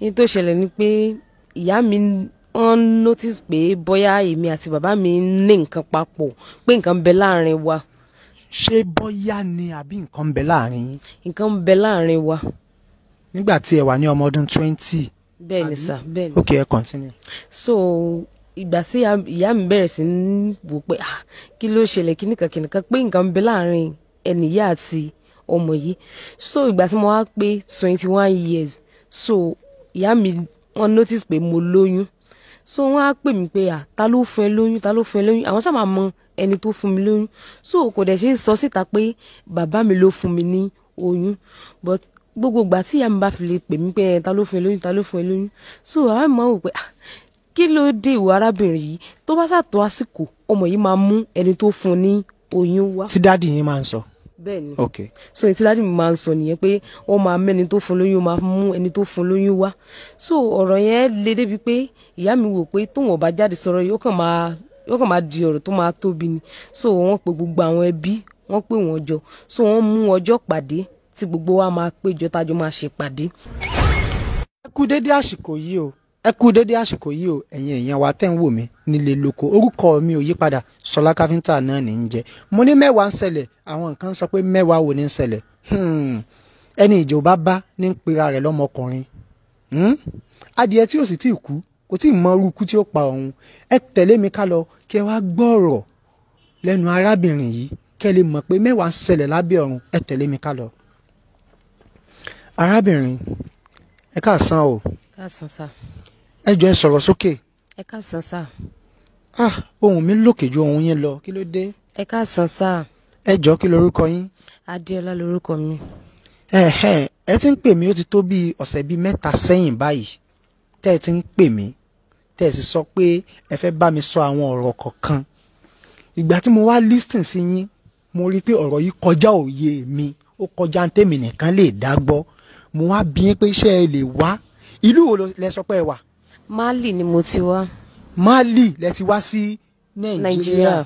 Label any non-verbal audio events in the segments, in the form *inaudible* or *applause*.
ní tó ṣẹlẹ̀ ni pé ìyá mi wọ́n notice pé bóyá èmi àti bàbá mi ń ní nǹkan papọ̀ pé nǹkan ń bẹ láàrin wa. ṣé bóyá ni àbí nǹkan ń bẹ láàrin yín. nǹkan ń bẹ láàrin wa. nígbà tí ẹ wà ní ọmọ ọdún twenty. bẹ́ẹ̀ni sà bẹ́ẹ̀ni. ok ẹ continue. so ìgbà tí ìyá mi bẹ̀rẹ̀ sí ń wò pé ah kí ló ṣẹlẹ̀ kí nìkan kí nìkan pé nǹkan ń bẹ láàrin ẹnìyá àti ọmọ yìí so ìgbà tí mo wá pé twenty one years so ìyá mi wọ́n notice pé mo lóyún so wọ́n á pè mí pé à ta ló fún ẹ lóyún ta ló fún ẹ lóyún àwọn sábà mọ ẹni tó fún mi lóyún so kò dẹ̀ ṣe é sọ síta pé bàbá mi ló fún mi ní oyún but gbogbo ìgbà tí ìyá mi bá fi lè pè mí pé ta ló fún ẹ lóyún ta ló fún ẹ lóyún so àwọn àmọ́ wò pé kí ló dé ìwà arábìnrin yìí tó bá ṣàtọ́ àsìkò ọmọ yìí máa mú ẹni tó fún ní oyún wá. tí dáàdi yín máa ń sọ bẹ́ẹ̀ni ok so ètí dájú mi máa ń sọ nìyẹn pé wọn máa mẹni tó fún lóyún máa mú ẹni tó fún lóyún wá so ọ̀rọ̀ yẹn le débi pé ìyá mi wò pé tóun ọba jáde sọ̀rọ̀ yóò kàn máa yóò kàn máa di ọ̀rọ̀ tó máa tóbi ni so wọ́n pe gbogbo àwọn ẹbí wọ́n pè wọ́n jọ so wọ́n mú ọjọ́ pàdé tí gbogbo wa máa péjọ tájọ máa ṣèpàdé. ẹ kú dédé àsìkò yìí o ẹ kú dédé àsìkò yìí o ẹ̀yin èèyàn wa tẹ́ ń wò mí nílé lóko orúkọ mi ò yípadà sọlá káfíńtà náà ní í jẹ mo ní mẹ́wàá ń ṣẹlẹ̀ àwọn kan sọ pé mẹ́wàá wo ní ń ṣẹlẹ̀ hmm. ẹni ìjọba bá ní ń pera rẹ̀ lọ́mọkùnrin hmm. adìẹ tí ò sì tí ì kú kò tí ì mọ irú tí ó pa òun ẹ tẹ̀lé mi ká lọ kí ẹ wá gbọ́ lẹ́nu arábìnrin yìí kẹ́ lè mọ̀ pé mẹ́wàá ń ṣẹlẹ̀ káàsán sá. ẹ jọ ẹ sọ̀rọ̀ sókè. ẹ káàsán sá. ah ohùn mi lókè ju ohùn yín lọ kí ló dé. ẹ káàsán sá. ẹ jọ kí lorúkọ yín. adéọlá lorúkọ mi. ẹ ẹ ẹ ti ń pè mí ó ti tó bíi ọ̀sẹ̀ bíi mẹ́ta sẹ́yìn báyìí tẹ́ ẹ ti ń pè mí tẹ́ ẹ sì sọ pé ẹ fẹ́ bá mi sọ àwọn ọ̀rọ̀ kọ̀ọ̀kan ìgbà tí mo wá lísìn sí yín mo rí i pé ọ̀rọ̀ yìí kọjá òye mi ó kọjá tèmi nìkan lè dá gbọ́ mo wá bí yín pé iṣẹ́ ẹ lè wá ìlú wo lẹ sọ pé ẹ wà. Mali ni mo ti wá. Mali lẹ ti wá sí Nàìjíríà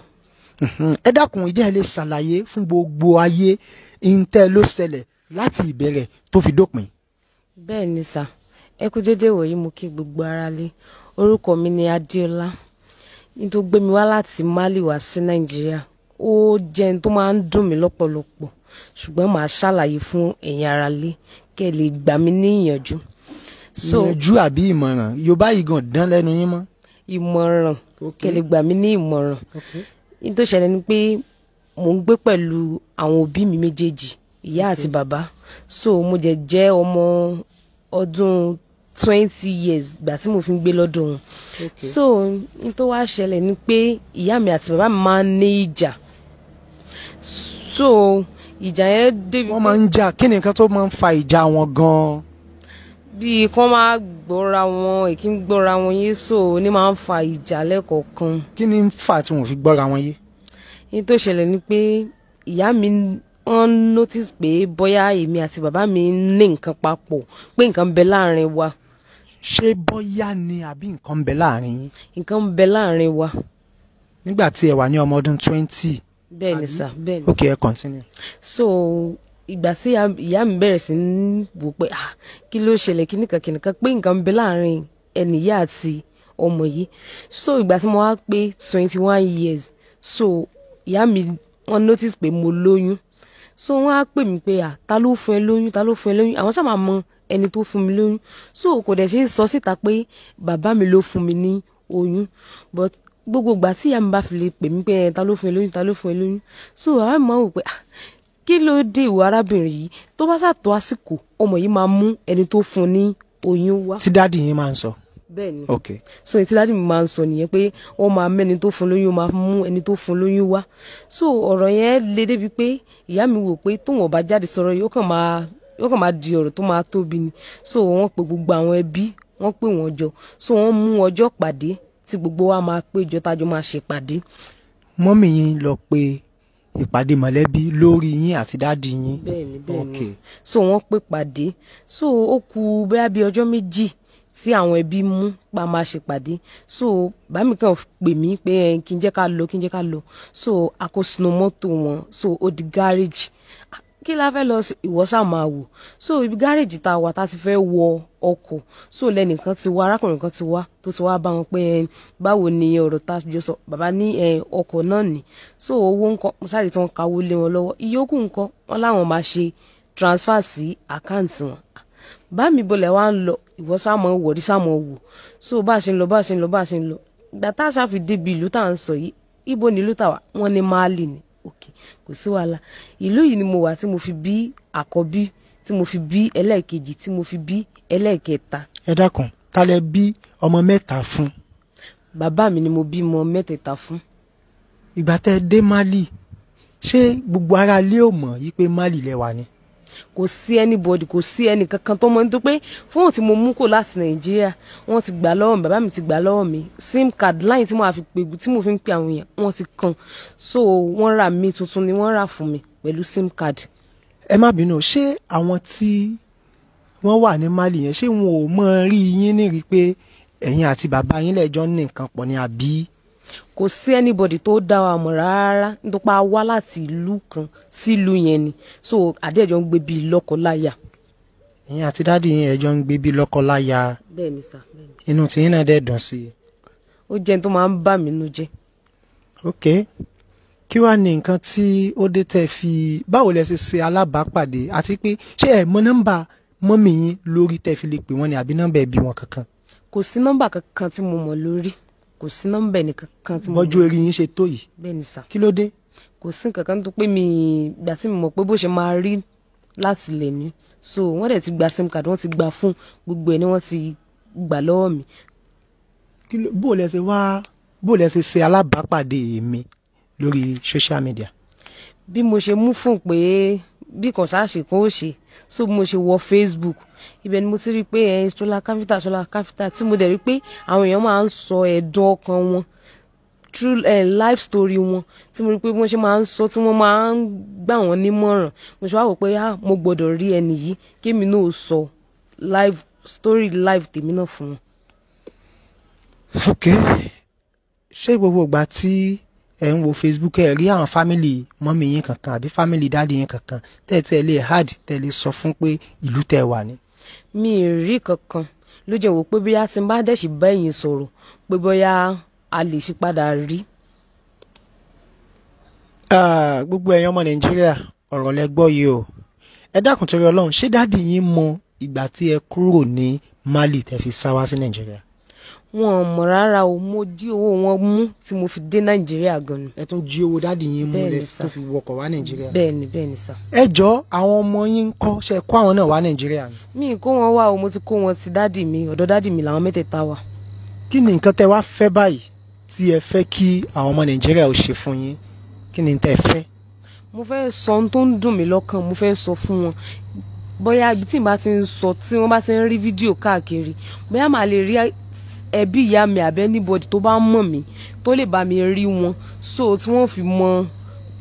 ẹ dákun ìjẹ́ ẹ lè ṣàlàyé fún gbogbo ayé ntẹ́ ló ṣẹlẹ̀ láti ìbẹ̀rẹ̀ tó fi dópin. bẹ́ẹ̀ ni sà ẹ kú dédé wòyí mo kí gbogbo ara lé orúkọ mi ni Adéọlá ní tó gbé mi wá láti Mali wá sí Nàìjíríà ó jẹ́ ní tó máa ń dùn mí lọ́pọ̀lọpọ̀ ṣùgbọ́n màá ṣàlàyé fún ẹ̀yin ara lé kẹ́ ẹ lè gbà mí ní so ìyànjú àbí ìmọ̀ràn yorùbá yìí gan dán lẹ́nu yín mọ́. ìmọ̀ràn kẹlẹ̀ gbà mí ní ìmọ̀ràn ní tó ṣẹlẹ̀ ni pé mò ń gbé pẹ̀lú àwọn òbí mi méjèèjì ìyá ati baba. so mo je jẹ́ ọmọ ọdún twenty years gbà tí mo fi ń gbé lọ́dọ̀ so ní tó wá ṣẹlẹ̀ ni pé ìyá mi àti bàbá mi máa ń ní so ìjà yẹn débi. wọ́n máa ń jà kí ni nǹkan tó máa ń fa ìjà wọn gan bíi kán má gbọ́ra wọn èkí ń gbọ́ra wọn yé so ní máa ń fa ìjà lẹ́kọ̀ọ̀kan. kí ni ń fà tí wọn fi gbọ́ra wọn yé. ní tó ṣẹlẹ̀ ni pé ìyá mi wọ́n notice pé bóyá èmi àti bàbá mi ní nǹkan papọ̀ pé nǹkan ń bẹ láàrin wa. ṣé bóyá ni àbí nǹkan ń bẹ láàrin yín. nǹkan ń bẹ láàrin wa. nígbà tí ẹ wà ní ọmọ ọdún twenty. bẹ́ẹ̀ni sà bẹ́ẹ̀ni. ok ẹ continue. so ìgbà tí ìyá mi bẹ̀rẹ̀ sí ní wò pé ah kí ló ṣẹlẹ̀ kíníkan kíníkan pé nǹkan ń bẹ láàrin ẹni ìyá àti ọmọ yìí so ìgbà tí mo wá pé twenty one years so ìyá mi wọ́n notice pé mo lóyún so wọ́n á pè mí pé ah ta ló fún ẹ lóyún ta ló fún ẹ lóyún àwọn sábà mọ ẹni tó fún mi lóyún so kò dẹ̀ ṣe é sọ síta pé bàbá mi ló fún mi ní oyún but gbogbo ìgbà tí ìyá mi bá fi lè pè mí pé eh, ta ló fún ẹ lóyún ta ló fún ẹ lóyún so àwọn máa wò pé ah kí ló dé ìwà arábìnrin yìí tó bá sàtọ àsìkò ọmọ yìí máa mú ẹni tó fún un ní oyún wá. tí dáàdì yín máa ń sọ. bẹ́ẹ̀ni ok so èyí tí dáàdì mi máa ń sọ nìyẹn pé wọn máa mẹni tó fún lóyún máa mú ẹni tó fún lóyún wá so ọ̀rọ̀ yẹn le débi pé ìyá mi wò pé tóun ọba jáde sọ̀rọ̀ yìí kàn máa ó kàn máa di ọ̀rọ̀ tó máa tóbi ni so wọ́n pe gbogbo àwọn ẹbí wọ́n pè wọ́n jọ so wọ́n mú ọjọ́ pàdé tí gbogbo wa máa péjọ tájọ máa ṣèpàdé. mọ́mì yín lọ pé ìpàdé mọ̀lẹ́bí lórí yín àti dáàdi yín. bẹ́ẹ̀ni bẹ́ẹ̀ni okay. so wọ́n pè pàdé so ó kù bẹ́ẹ̀ bí ọjọ́ méjì tí àwọn ẹbí mú pa máa ṣe pàdé so bàmí kan pè mí pé kí n jẹ́ ká lọ kí n jẹ́ ká lọ so a kó sínú mọ́tò wọn so ó di gáréjì kí la fẹ́ lọ sí ìwọ máa wò so ibi gáréèjì tá a wà tá a ti fẹ́ wọ ọkọ̀ so lẹ́nìkan ti wá arákùnrin kan ti wá tó ti wá bá wọn pé báwo ni ọ̀rọ̀ tá a jọ sọ bàbá ní ọkọ̀ náà ni so owó nǹkan mo sáré tí wọ́n kawó lé wọn lọ́wọ́ ìyókù nǹkan wọn láwọn máa ṣe transfer sí àkáǹtì wọn bá bọlẹ̀ wá ń lọ ìwọ máa wọ̀ rí ṣáà wò so bá a ṣe ń lọ bá a ṣe ń lọ bá a ṣe ń lọ gbàtà òkè kò sí wàhálà ìlú yìí ni mo wà tí mo fi bí àkọ́bí tí mo fi bí ẹlẹ́ẹ̀kejì tí mo fi bí ẹlẹ́ẹ̀kẹta. ẹ dákun ta lẹ bí ọmọ mẹ́ta fún. bàbá mi ni mo bí ọmọ mẹ́tẹ̀ẹ̀ta fún. ìgbà tẹ dé mali ṣé gbogbo ara lé ò mọ̀ yí pé mali lẹ ni kò sí anybody kò sí ẹnì kankan tó mọ ní tó pé fóònù tí mo mú kò láti nàìjíríà wọ́n ti gbà lọ́wọ́ mi bàbá mi ti gbà lọ́wọ́ mi sim card line tí mo fi pè tí mo fi ń pe àwọn èèyàn wọ́n ti kan so wọ́n ra mi tuntun ni wọ́n rà fún mi pẹ̀lú sim card. ẹ má bínú ṣé àwọn tí wọ́n wà ní mali yẹn ṣé wọn ò mọ rí yín ní rí pé ẹ̀yin àti bàbá yín lẹ́jọ́ ní nǹkan pọ̀ ní àbí kò sí anybody tó dá wa mọ̀ rárá nítorí pé a wá láti ìlú kan sílùú yẹn ni so àdéhùn ń gbé bíi lọ́kọ-láya. ìyẹn àti dáàdi yẹn ẹjọ́ ń gbé bíi lọ́kọ-láya. bẹ́ẹ̀ni sà. náà dẹ̀ dùn sí i. ó jẹ́ tó máa ń bà mí nú jẹ́. ok kí wàá ní nǹkan tí ó dé tẹ́ fi báwo lẹ ṣe ṣe alábàápàdé àti pé ṣé ẹ mọ nọ́mbà mọ́mì yín lórí tẹ́ fi lè pè wọ́n ni àbí nọ́mbà ẹbí wọn kankan. kò sí nọ́mbà kankan tí mo mọ̀ lórí kò sí nọ́mbà ẹnì kankan tí mo. bọ́jú eré yín ṣe tó yìí. bẹ́ẹ̀ni sà. kí ló dé. kò sí nǹkan tó pé mi ìgbà tí mo mọ̀ pé bó ṣe máa rí láti lè ní so wọ́n dẹ̀ ti gba sim card wọ́n ti gba fún gbogbo ẹ̀ ni wọ́n ti gbà lọ́wọ́ mi. kí ló lẹ ṣe wá bó lẹ ṣe ṣe alábàápàdé mi lórí social media. bí mo ṣe mú fún pé bí kò sáà ṣe kó ṣe so bí mo ṣe wọ Facebook ibẹ̀ ni mo ti rí i pé ẹ Ṣọlá Káfíntà Ṣọlá Káfíntà tí mo dẹ̀ rí i pé àwọn èèyàn máa ń sọ ẹ̀dùn ọkàn wọn true uh, life story wọn tí mo rí i pé wọ́n ṣe máa ń sọ tí wọ́n máa ń gbà wọ́n nímọ̀ràn mo ṣe wá wò pé ah mo gbọ́dọ̀ rí ẹni yìí kémi náà sọ life story life tèmi náà fún wọn. ok ṣé gbogbo ìgbà tí ẹ ń wo facebook ẹ rí àwọn family mọ́mí yín kankan àbí family dáàdi yín kankan tẹ́tẹ́ lè hard tẹ́lẹ̀ sọ fún pé ìlú tẹ́ wà ni mi ì rí kankan ló jẹ́ wò pé bóyá tí n bá dẹ̀ sì bá ẹ̀yin sọ̀rọ̀ pé bóyá a lè ṣe padà rí. gbogbo ẹ̀yin ọmọ nàìjíríà ọ̀rọ̀ lẹ gbọ́ yìí o ẹ dákun torí ọlọ́run ṣé dáàdi yín mọ ìgbà tí ẹ kúrò ní mali tẹ́ fi sá wá sí nàìjíríà wọn ò mọ̀ rárá o mo jí owó wọn mú tí mo fi dé nàìjíríà gan ni. ẹ tún jí owó dáàdì yín múlẹ̀ tó fi wọkọ̀ wá nàìjíríà. bẹ́ẹ̀ni bẹ́ẹ̀ni sà. ẹ jọ àwọn ọmọ yín ń kọ́ ṣe kó àwọn náà wá nàìjíríà. mi kó wọn wá o mo ti kó wọn ti dáàdì mi ọ̀dọ̀ dáàdì mi làwọn mẹ́tẹ̀ẹ̀ta wà. kí ni nǹkan tẹ wá fẹ́ báyìí tí ẹ fẹ́ kí àwọn ọmọ nàìjíríà ò ṣe fún yín kí ni tẹ fẹ́. mo fẹ́ sọ ohun tó ń dùn mí lọ́kàn mo fẹ́ sọ fún wọn bóyá tí n bá ti ń sọ tí wọ́n bá ti ń rí fídíò káàkiri bóyá màá lè rí ẹbí ìyá mi àbí anybody tó bá mọ̀ mí tó lè bá mi rí wọn so tí wọ́n fi mọ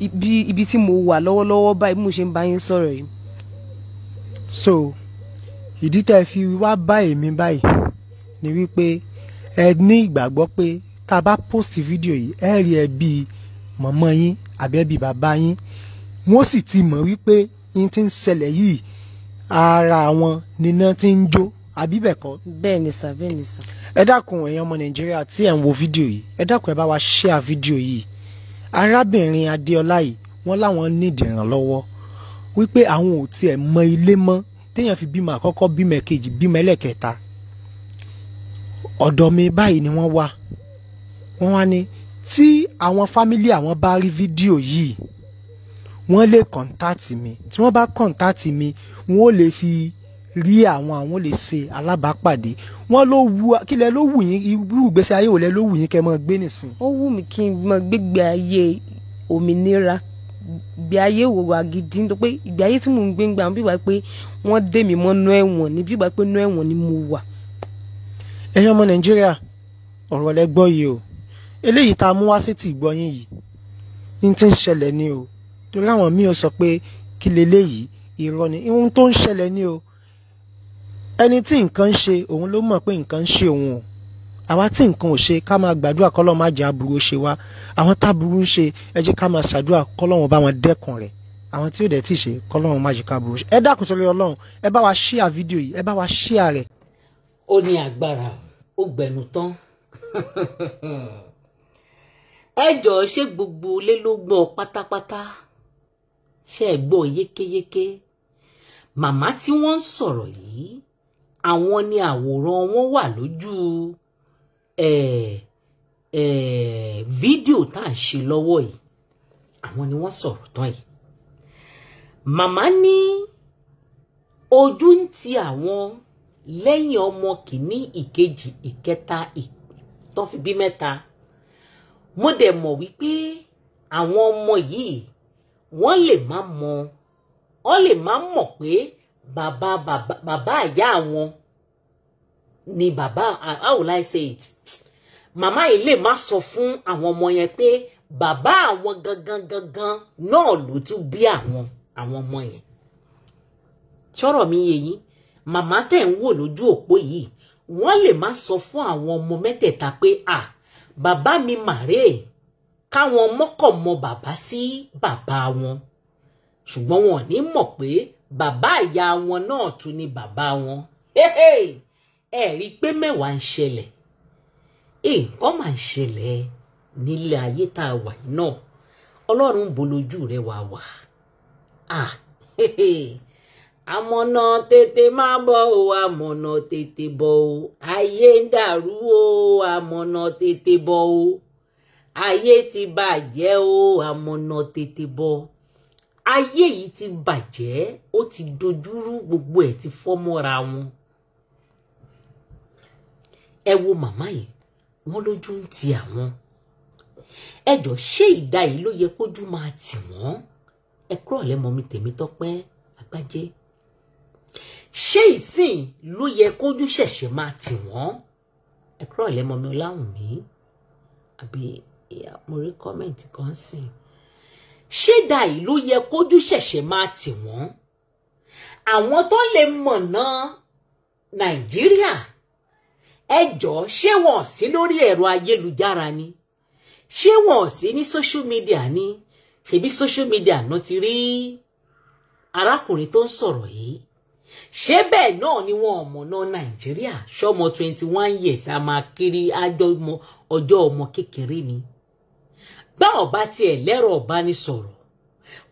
ibi ibi tí mo wà lọ́wọ́lọ́wọ́ báyìí mo ṣe ń bá yín sọ̀rọ̀ yìí. so ìdí tẹ́ fi wá bá èmi báyìí ni wípé ẹ ní ìgbàgbọ́ pé tá a bá post fídíò yìí ẹ rí ẹbí mọ̀mọ́ yín àbí ẹbí bàbá yín wọ́n sì ti mọ̀ wípé yín ti ń ṣẹlẹ̀ yìí ara wọn níná ti ń jó àbí bẹ́ẹ̀ kọ́. bẹ́ẹ̀ ni sà bẹ́ẹ̀ ni sà. ẹ dákun ẹ̀yin ọmọ nàìjíríà tí ẹ̀ ń wo fídíò yìí ẹ dákun ẹ bá wa ṣíà fídíò yìí arábìnrin adéọlá yìí wọ́n láwọn nídìí ìrànlọ́wọ́ wípé àwọn ò tiẹ̀ mọ ilé mọ́ téèyàn fi bímọ àkọ́kọ́ bímọ ẹ̀kejì bímọ ẹlẹ́kẹta ọ̀dọ̀ mi báyìí ni wọ́n wà wọ́n wá ní tí àwọn fámílì àwọn bá rí fídíò yìí wọ́n lè kọ̀ǹtáàtì mi tí wọ́n bá kọ̀ǹtáàtì mi wọ́n ó lè fi rí àwọn àwọn lè ṣe alábàápàdé wọn ló wu kílẹ̀ ló wù yín irú ìgbésí ayé òlẹ̀ ló wù yín kẹ́ mọ́ gbé nìsín. ó wù mí kí n mọ gbégbé ayé òmìnira ìgbé ayé wò wá gidi nítorí pé ìgbé ayé tí mò ń gbé ń gbà wọn bí wàá pé wọ́n dé mi mọ́ nú ẹ̀wọ̀n ni bí wàá pé nú ẹ̀wọ̀n ni mo wà. ẹ̀yin ọmọ nàìjíríà ọ̀rọ̀ lẹ gbọ́ yìí o eléyìí tá a mú wá sí ti ìgbọ́ yín yìí ní ti ń ṣẹlẹ̀ ni o torí àwọn míì ó sọ pé kí leléyìí irọ́ ni ohun tó ń ṣẹlẹ̀ ni o ẹni tí nǹkan ń ṣe òun ló mọ̀ pé nǹkan ń ṣe òun o àwa tí nǹkan ò ṣe ká máa gbàdúrà kọ́lọ́ má jẹ́ aburú ṣe wá àwọn táburú ń ṣe ẹ jẹ́ ká máa ṣàdúrà kọ́lọ́ wọn bá wọn dẹ́kun rẹ̀ àwọn tí ò dẹ̀ tí ì ṣe kọ́lọ́ má jẹ́ ká aburú ṣe ẹ dákun sọ́lé ọlọ́run ẹ bá wa ṣíà fídíò yìí ẹ bá wa ṣíà rẹ̀. ó ní agbára ó gbẹnu tán *laughs* ẹ jọ̀ọ́ ṣé gbogbo ilé pátápátá ṣé ẹ yékéyéké màmá tí wọ́n ń sọ̀rọ̀ yìí àwọn ni àwòrán wọn wà lójú ẹ ẹ fídíò tá à ń ṣe lọ́wọ́ yìí àwọn ni wọ́n sọ̀rọ̀ tán yìí màmá ní ojú ń ti àwọn lẹ́yìn ọmọ kìíní ìkejì ìkẹta tó fi bí mẹ́ta mo dẹ̀ mọ̀ wípé àwọn ọmọ yìí wọ́n lè má mọ̀ wọ́n lè má mọ̀ pé bàbá bàbá bàbá ìyá àwọn ni bàbá how will I say it màmá yìí lè má sọ fún àwọn ọmọ yẹn pé bàbá àwọn gangan gangan náà ló tún bí àwọn àwọn ọmọ yẹn ṣọ́rọ̀ mi yé yín màmá tẹ̀ ń wò lójú òpó yìí wọ́n lè má sọ fún àwọn ọmọ mẹ́tẹ̀ẹ̀ta pé à bàbá mi màrè káwọn mọ́kànmọ́ bàbá sí bàbá wọn ṣùgbọ́n wọn ò ní mọ̀ pé bàbá ìyá wọn náà tún ni bàbá wọn ẹ rí i pé mẹ́wàá ń ṣẹlẹ̀ nǹkan máa ń ṣẹlẹ̀ nílé ayé tá a wà náà ọlọ́run bolójú rẹ wà wà àmọ̀nà tètè máa bọ̀ o àmọ̀nà tètè bọ̀ o ayé ń dàrú o àmọ̀nà tètè bọ̀ o ayé ti bàjẹ́ o àmọ̀nà tètè bọ̀ o ayé yìí ti bàjẹ́ ó ti dojúrú gbogbo ẹ̀ ti fọ́ mọ́ra wọn ẹ wo màmá yìí wọn lójú ń ti àwọn ẹjọ ṣé ìdá yìí ló yẹ kójú máa tì wọn ẹ kúrò lẹmọ mi tèmi tọpẹ́ àgbájé ṣé ìsìn ló yẹ kójú ṣẹ̀ṣẹ̀ máa tì wọn ẹ kúrò lẹmọ mi ọláhùn àbí mo rí kọmẹǹtì kan sìn ṣé dàí ló yẹ kójú ṣẹ̀ṣẹ̀ máa tì wọ́n àwọn tó lè mọ̀nà nàìjíríà ẹjọ́ ṣé wọn sí lórí ẹ̀rọ ayélujára ni ṣé wọn sí ní social media ni ṣebí social media náà ti rí arákùnrin tó ń sọ̀rọ̀ yìí ṣé bẹ́ẹ̀ náà ni wọn ọ̀mọ̀nà nàìjíríà ṣọmọ twenty one years a máa kiri ọjọ́ ọmọ kékeré ni bá ọba tiẹ̀ lẹ́rọ ọ̀bánisọ̀rọ̀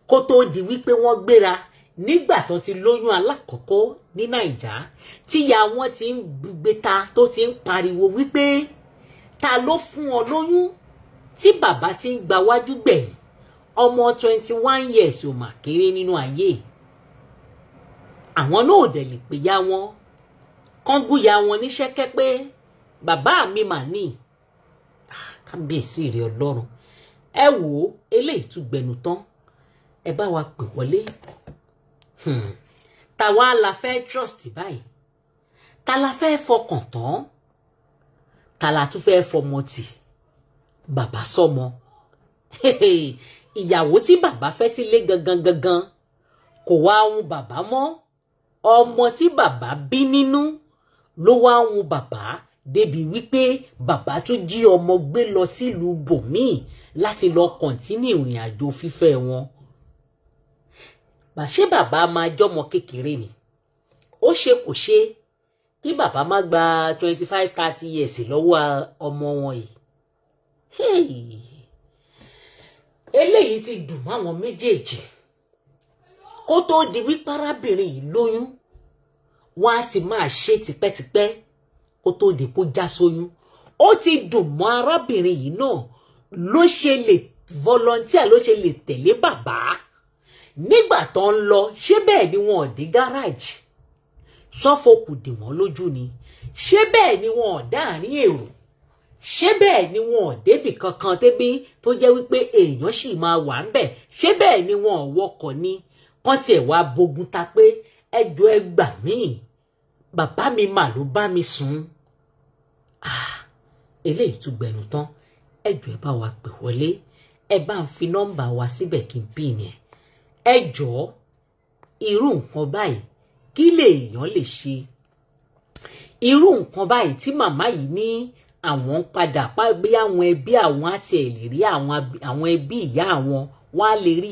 kó tóó di wípé wọ́n gbéra nígbà tó ti lóyún alákọ̀ọ́kọ́ ní nàìjà tíya wọn ti ń gbéta tó ti ń pariwo wípé ta ló fún ọ lóyún tí bàbá ti ń gba wájú gbẹ̀yìn ọmọ twenty one years ò mà kéré nínú ayé àwọn náà ò dẹ̀ lè pè ya wọn kọ́ngúya wọn níṣẹ́ kẹ́pẹ́ bàbá mi mà ní ah, kábíyèsí rẹ̀ ọlọ́run ẹ wò ó eléyìí tún gbẹnu tán ẹ bá wa pè wọlé hmm. tàwa la fẹ́ trust báyìí ta la fẹ́ fọkàn tán ta la tún fẹ́ fọmọ tì bàbá sọmọ ìyàwó tí bàbá fẹ́ sílé gangan gangan kò wá ohun bàbá mọ́ ọmọ tí bàbá bí nínú ló wá ohun bàbá débi wípé bàbá tún jí ọmọ gbé lọ sílùú bòmíì láti lọ kọ̀ntínú ìrìn àjò fífẹ́ wọn bàṣẹ bàbá máa jọmọ kékeré ni ó ṣe kò ṣe kí bàbá má gba twenty five thirty years lọ́wọ́ ọmọ wọn yìí eléyìí ti dùn mọ́ àwọn méjèèjì kó tóó di wípé arábìnrin yìí lóyún wọn á ti máa ṣe tipẹ́tipẹ́ kó tóó di kó já sóyún ó ti dùn mọ́ arábìnrin yìí náà ló ṣe lè volunteer ló ṣe lè tẹ̀lé bàbá nígbà tó ń lọ ṣé bẹ́ẹ̀ ni wọn ò dé gáràjì ṣọ́fọ̀kù dì wọ́n lójú ni ṣé bẹ́ẹ̀ ni wọn ò dáàrin èrò ṣé bẹ́ẹ̀ ni wọn ò débì kankan débi tó jẹ́ wípé èèyàn sì máa wà ń bẹ̀ ṣé bẹ́ẹ̀ ni wọn ò wọkọ̀ ni kán tiẹ̀ wá bogun ta pé ẹjọ́ ẹ gbà mí bàbá mi mà ló bá mi sùn ah, eléyìí tún gbẹnu tán ẹ jọ̀ọ́ ẹ bá wa pè wọlé ẹ bá ń fi nọ́mbà wa síbẹ̀ kí n pè yẹn ẹ jọ̀ọ́ irú nǹkan báyìí kí lèèyàn lè ṣe irú nǹkan báyìí tí màmá yìí ní àwọn ń padà bí àwọn ẹbí àwọn àti ẹ̀ lè rí àwọn ẹbí ìyá àwọn wọn á lè rí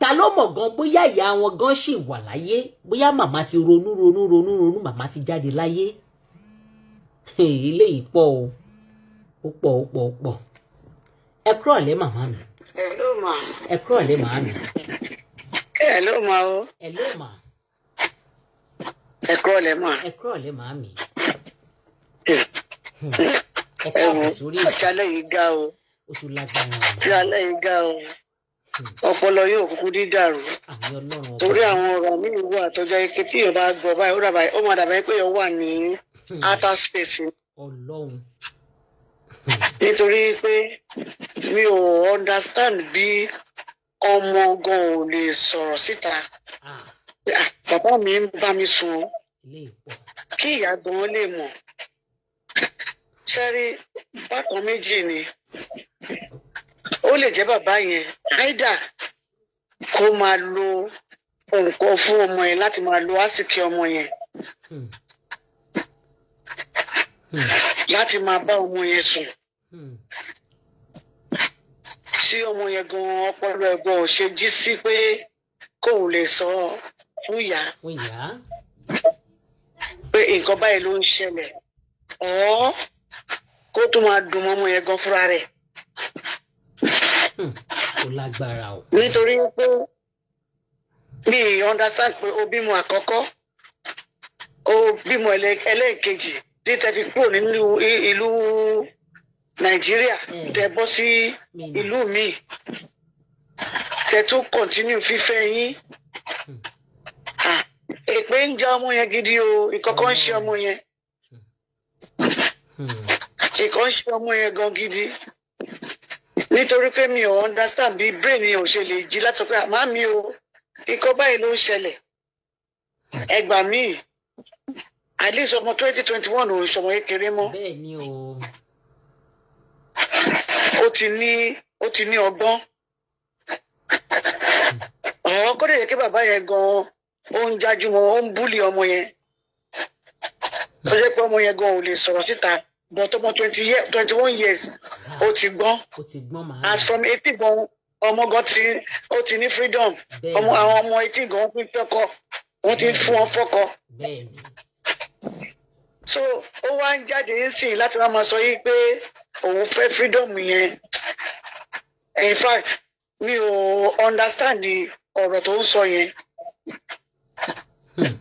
ta ló mọ̀ gan bóyá ìyá wọn gan ṣì wà láyé bóyá màmá ti ronú ronú ronú ronú màmá ti jáde láyé eléyìí pọ̀ o ó pọ̀ ó pọ̀ ó pọ̀ ẹ kúrò lé màmá mi. hello ma. ẹ kúrò lé màá mi. hello ma o. hello ma. ẹ kúrò lé ma. ẹ kúrò lé màá mi. Hmm. ẹ káàbọ̀ sórí ìlú. ọ̀sálẹ̀ yìí ga o. oṣù lágbára. tí alẹ́ yìí ga o hmm. ọpọlọ yóò kúkú dídàrú torí àwọn ọ̀rọ̀ míì wà tọjá ike tí yóò bá gbọ́ báyìí ó máa dàbẹ pé yóò wà ní hmm. outer space. Ọlọ́run nítorí pé mi ò understand bí ọmọ gan ò lè sọ̀rọ̀ síta ah. Ah, bàbá mi ń bá mi sùn o kí ìyá gan lè mọ̀ sẹ́rí bákan méjì ni ó lè jẹ́ bàbá yẹn áìdà kó máa lo nǹkan fún ọmọ yẹn láti máa lo àsìkí ọmọ yẹn. Hmm láti máa bá ọmọ yẹn sùn hmm. tí ọmọ yẹn gan ọpọlọ ẹ̀gbọ́n ò ṣe jí sí pé kóun lè sọ fún ìyá pé nǹkan báyìí ló ń ṣẹlẹ̀ ọ kó tó máa dùn mọ́ ọmọ yẹn gan fúnra rẹ̀. kò hmm. lágbára o. nítorí pé mi understand pé o bímọ àkọ́kọ́ o bímọ ẹlẹ́ẹ̀kejì. Ele tí tẹ fi kúrò nínú ìlú nàìjíríà mm. tẹ bọ́ sí mm. ìlú míì tẹ tún kọ̀ntínú fífẹ́ yín mm. ah, èpè ń ja ọmọ yẹn gidi o ìkọ̀kọ̀ ń ṣe ọmọ yẹn ìkọ̀ ń ṣe ọmọ yẹn gan gidi nítorí pé mi ò understand bí brain yẹn ò ṣe lè jí látọ̀ pé mi o ikọ́ báyìí ló ń ṣẹlẹ̀ ẹgbàá míì at least ọmọ twenty twenty one ò ń ṣọmọ kékeré mọ́. bẹ́ẹ̀ ni o. ó ti ní ó ti ní ọgbọ́n. ọ̀rọ̀ kó lè yẹ kí bàbá yẹn gan-an ó ń jájú wọn ó ń búlì ọmọ yẹn. ó jẹ́ pé ọmọ yẹn gan-an ò lè sọ̀rọ̀ síta but ọmọ twenty one years ó ti gbọ́n. as from eighteen gan ọmọ gan ti ó ti ní freedom ọmọ àwọn ọmọ eighteen gan wọ́n ti fẹ́ wọ́n ti fún wọn fọ́kọ so ó wá ń jáde nísìnyí láti wá máa sọ yìí pé òun fẹ́ freedom yẹn in fact mi ò understand ọ̀rọ̀ tó ń sọ yẹn hmm.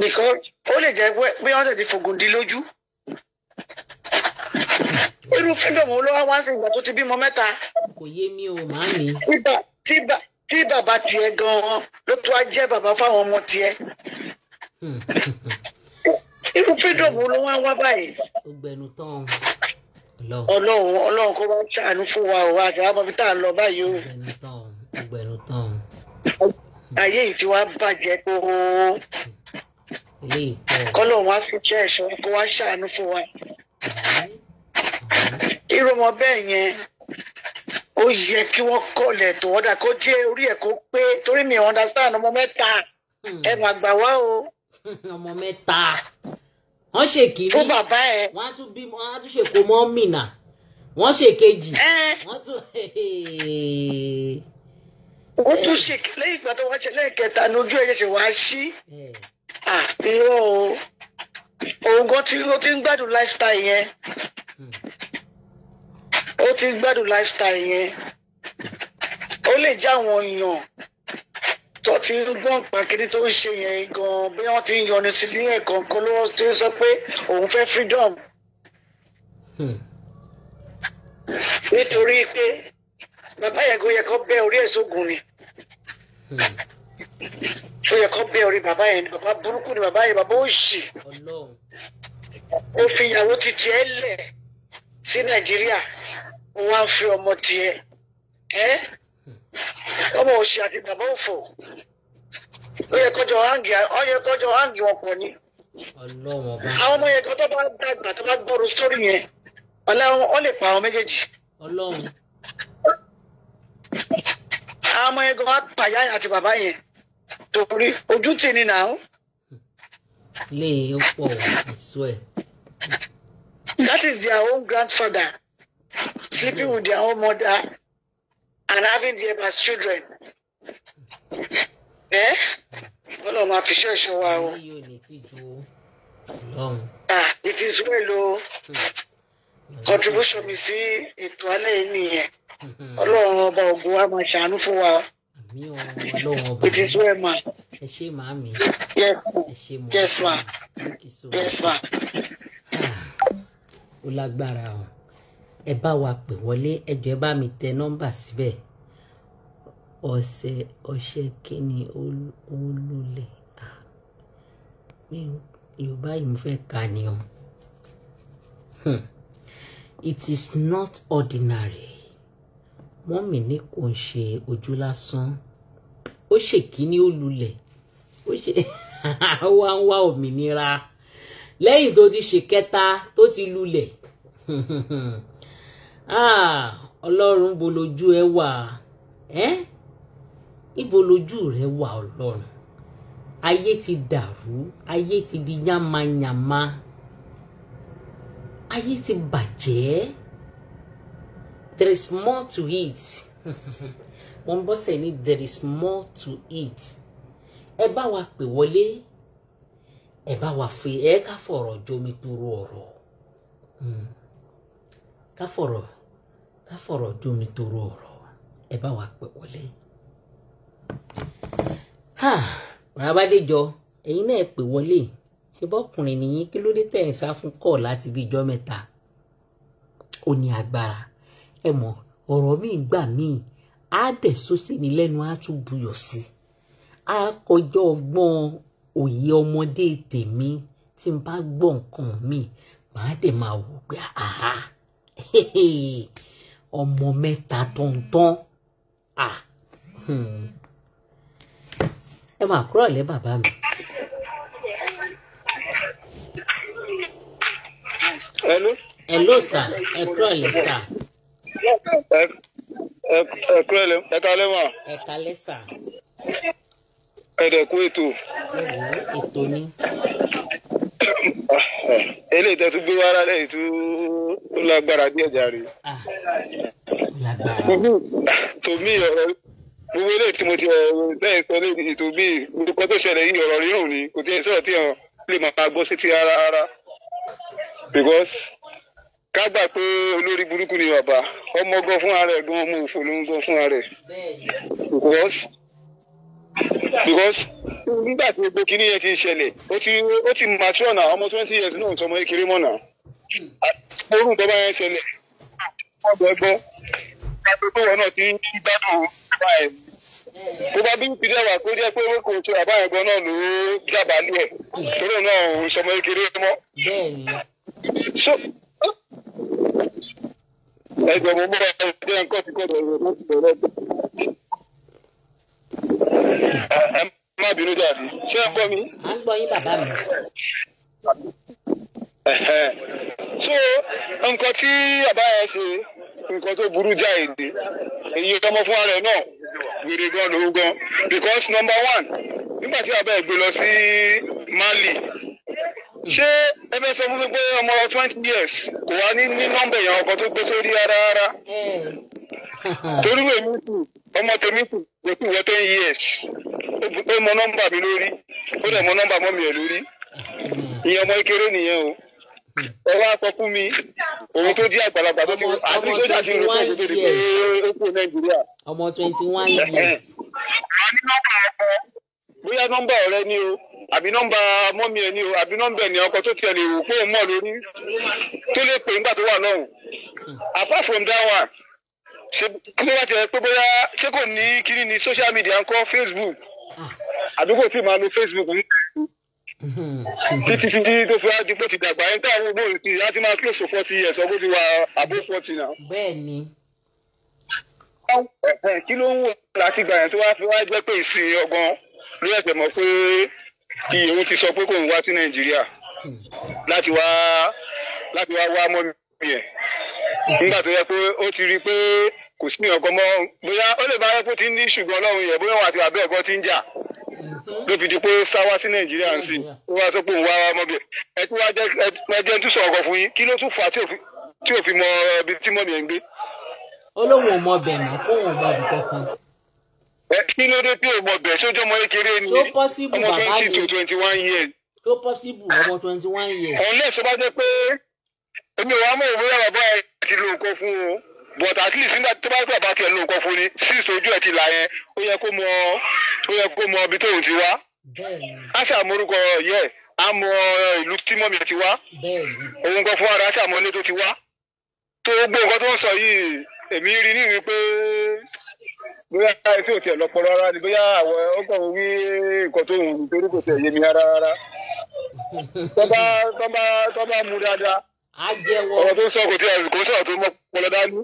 because ó lè jẹ́ pé wọ́n tẹ̀lé fògùndín lójú irú freedom ló wá wá sí ìgbà tó ti bímọ mẹ́ta. kò yé mi o màá mi. tí tí tí bàbá tiẹ̀ gan-an ló tún á jẹ́ bàbá fáwọn ọmọ tiẹ̀. Hmm. *laughs* irú freedom wo ló wá wá báyìí. ó gbẹnu tán ọlọ́run ọlọ́run kó wá ṣàánú fún wa o àti àwọn ọmọbi tá à ń lọ báyìí o. ó gbẹnu tán ó gbẹnu tán. ayé yìí ti wá bàjẹ́ tó o. kọ́lọ̀ wá fi jẹ́ ẹ̀ṣọ́ kó wá ṣàánú fún wa. irú ọmọ bẹ́ẹ̀ yẹn ó yẹ kí wọ́n kọlẹ̀ tó wọ́n dà kó jẹ́ orí ẹ̀ kó pé torí mi understand ọmọ mẹ́ta hmm. ẹ máa gbà wá o. *laughs* ọmọ mẹ́ta wọ́n ṣe kìíní fún bàbá ẹ wọ́n tún bímọ wọ́n á tún ṣèkó mọ́ mìnà wọ́n ṣe kejì wọ́n tún. *laughs* ó tún ṣe lẹ́yìn ìgbà tó wá ṣe lẹ́ẹ̀kẹta ní ojú ẹ̀yẹ ṣe wàá ṣí àpérò oògùn tí ó ti ń gbádùn lifestyle yẹn hmm. ó ti ń gbádùn lifestyle yẹn ó lè jẹ́ àwọn èèyàn tó ti ń gbọ́n pa kíní tó ń ṣe yẹn gan-an bí wọ́n ti ń yọni sí ní ẹ̀kan kan ló ti ń sọ pé òun fẹ́ freedom. Hmm. nítorí pé bàbá yẹn kò yẹ kó bẹ́ orí ẹ̀ sógun ni hmm. ó yẹ kó bẹ́ orí bàbá yẹn bàbá burúkú ni bàbá yẹn bàbá òṣì ó fi ìyàwó ti tiẹ̀ lẹ̀ sí nàìjíríà ó wá ń fi ọmọ tiẹ̀ ẹ́. Eh? ọmọ òsì àti bàbá òfò ó yẹ kọjọ hangi ó yẹ kọjọ hangi wọn ni àwọn ọmọ yẹn tó bá dàgbà tó bá gbọ́rọ̀ sórí yẹn Ọlọ́run ó lè pa àwọn méjèèjì àwọn ọmọ yẹn kan wá pàyà àti bàbá yẹn torí ojú tì ní nà án. pọ̀ ẹ̀. that is their own grandfather sleeping with their own mother. and having them as children. Ẹ́ eh? ọlọ́run máa fi ṣọ́ wa o. Ah, it is well o. Hmm. Contribution mi sí ètò alẹ́ yìí nìyẹn. Ọlọ́run ọba ògùn wa máa ṣàánú fún wa. It is well ma. Ẹ ṣé màámi. Yes ma. Yes ma. Ah, ó lágbára o ẹ bá wa pè wọlé ẹjọ ẹ bá mi tẹ nọ́mbà síbẹ̀ ọṣẹ ọṣẹ kínní olólè yorùbá yìí mo fẹ́ kà ni o hmm. it is not ordinary mọ́mì ní kò ń ṣe ojú lásán ó ṣèkíní ó lulẹ̀ ó ṣe *laughs* wá ń wá òmìnira lẹ́yìn tó ti ṣe kẹta tó ti lulẹ̀ *laughs* Ah, ọlọ́run bo lójú ẹ wà ẹ́ ibo lójú rẹ wà ọlọ́run ayé ti dàrú ayé ti di yánmayànma ayé ti bàjẹ́ there is more to it wọn *laughs* bọ́ sẹ́yìn ní there is more to it ẹ bá wa pè wọlé ẹ bá wa fi ẹ ká fọ̀rọ̀ jomitoro ọ̀rọ̀ hmm. ká fọ̀rọ̀ ká fọ̀rọ̀ jómi toro ọ̀rọ̀ ẹ bá wa pè wọlé. Bàbáadéjọ ẹ̀yin náà pè wọlé ṣe bọ́kùnrin nìyí kí ló dé tẹ̀ ń sá fún kọ́ láti bí ijọ́ mẹ́ta ó ní agbára ẹ mọ̀ ọ̀rọ̀ míì gbà míì á dẹ̀ sósì ní lẹ́nu á tún buyọ̀ sí i á kọjọ́ ọgbọ́n òye ọmọdé tèmi tí n bá gbọ́ nǹkan mi màá dẹ̀ máa wò pé àhá ọmọ mẹ́ta tọ̀ntọ̀n à hmm. ẹ máa kúrò lẹ́ bàbá mi. hello sir ẹ kúrò lẹ́ sir. ẹ kúrò lẹ́ ẹ kálẹ́ mà. ẹ kálẹ́ sir. ẹ dẹ̀ kú ètò. ẹ wò ó ètò ni *coughs* eléyìí tó tún gbé wá rárẹ̀ tó lágbára díẹ̀ jàre. To me, ọ̀rọ̀ gbogbo eléyìí tí mo ti ọ̀rọ̀ lẹ́yìn sọ lẹ́yìn ìtòmí gbogbo tó ṣẹlẹ̀ yìí ọ̀rọ̀ rírùn ni kò tiẹ̀ sọ̀rọ̀ tí wọ́n lè máa gbọ́ sí ti ara ara because ká gbà pé olórí burúkú ni bàbá ọmọ gan fún ara ẹ̀ gan ọmọ òfò ló ń gan fún ara ẹ̀ because because nígbà tí gbogbo kìíní yẹn ti ṣẹlẹ̀ ó ti ó ti mature náà ọmọ twenty years náà sọmọ kékeré mọ́ orúkọ bá yẹn ṣẹlẹ̀ ọ̀dọ̀ ẹgbẹ́ láti pé wọn náà ti ń gbádùn bá ẹ̀ tó bá bí ti dẹ́wà tó jẹ́ pé owó kò ṣe àbá ẹ̀gbọ́n náà ló jábàálẹ̀ torí náà ò ń sọmọ kékeré mọ́. ẹgbẹ́ mo mọ́ ẹgbẹ́ nǹkan ti kọ́ bẹ̀rẹ̀ láti bẹ̀rẹ̀ ẹgbẹ́. ẹ má bínú jáde ṣé ẹ gbọ́ mi. à ń gbọ́ yín bàbá mi so nǹkan tí bàbá yẹn ṣe nǹkan tó burú jáì ni èyí ọmọ fún ara ẹ̀ náà gbèrè gan lòun gan because number one nígbà tí bàbá ẹ̀ gbé lọ sí Mali ṣé ẹ fẹ́ sọ fún mi pé ọmọ twenty years kò wá ní ní nọ́mbà ìyàwó kan tó gbé sórí ara ara hmm. torí èmi kù ọmọ tèmi kù kò tí wọ́n ten years ó mọ nọ́mbà mi lórí ó dẹ̀ mọ nọ́mbà mọ́mi ẹ̀ lórí ìyẹn ọmọ kékeré nìyẹn o ẹ wá sọ fún mi òun tó di àgbàlagbà tó ti àti tó dàbí ìlú kan tó ti pé ó kú nàìjíríà. ọmọ twenty one years. a ní nọ́mbà ọkọ bóyá nọ́mbà ọ̀rẹ́ ni o àbí nọ́mbà mọ́mí ẹ ni o àbí nọ́mbà ẹni ọkọ tó tiẹ̀ lè wò pé òun mọ̀ lórí tó lè pè nígbà tó wà náà. apart from that one ṣe kí ló bá tẹ pé bóyá ṣé kò ní kí ni social media ńkọ́ Facebook ah. àdúgbò tí màá lo Facebook ńkọ́ títí fi tó fi wá di pé ti dàgbà ẹni táwọn ọgbọ́n ti láti máa close to forty years ọgbọ́n ti wà àbó forty náà. bẹ́ẹ̀ni. kí ló ń wò láti gbà yẹn tó wá fi wá jẹ́ pé ìsìn ọgbọ́n ló yẹ tẹ̀mọ́ pé kí òun ti sọ pé kò ń wá sí nàìjíríà láti wá láti wá wá mọ́ mi yẹn nígbà tó yẹ pé ó ti rí i pé kò sí ọkọ mọ́ bóyá ó lè bá yẹ kó ti ń ní ṣùgbọ́n ọlọ́run yẹ Mhm. ló fi di pé sáwá sí nàìjíríà ń sìn ó wá sọ pé òun wá wá mọ́bí ẹ tí wá jẹ́ ń tún sọ̀rọ̀ fún yín kí ló tún fà á tí ò fi mọ ibi tí mọ́mí ẹ̀ ń gbé. ó lóun ò mọ bẹ̀rẹ̀ kó òun mọ ibi kankan. ẹ kí ló dé tí ò mọ bẹ̀rẹ̀ sójú ọmọ kékeré ni ọmọ twenty to twenty one years. tó pọ́síbù ọmọ twenty one years. ọ̀nlẹ̀ bá jẹ́ pé èmi ò wá mọ̀ ìwé but at least nígbà tó bá gbà bá tiẹ̀ ló nǹkan fún ni since ojú ẹ̀ ti là yẹn ó yẹ kó mọ ó yẹ kó mọ ibi tóun ti wá á ṣàmúrúkọ yẹ á mọ ìlú tí mọ́mi ti wá òun kan fún ara ṣàmọ́ ní tó ti wá tó gbó nǹkan tó ń sọ yìí èmi rí ní ìwé pé bóyá tí ò tiẹ̀ lọ́pọ̀ rárá ni bóyá àwọn ọkọ̀ wí nǹkan tó ń torí kò tiẹ̀ yé mi rárá rárá tọ́ba tọ́ba mu dáadáa ọ̀rọ̀ tó ń sọ kò tiẹ̀ kò sọ̀rọ̀ tó mọ́ pọlọ dání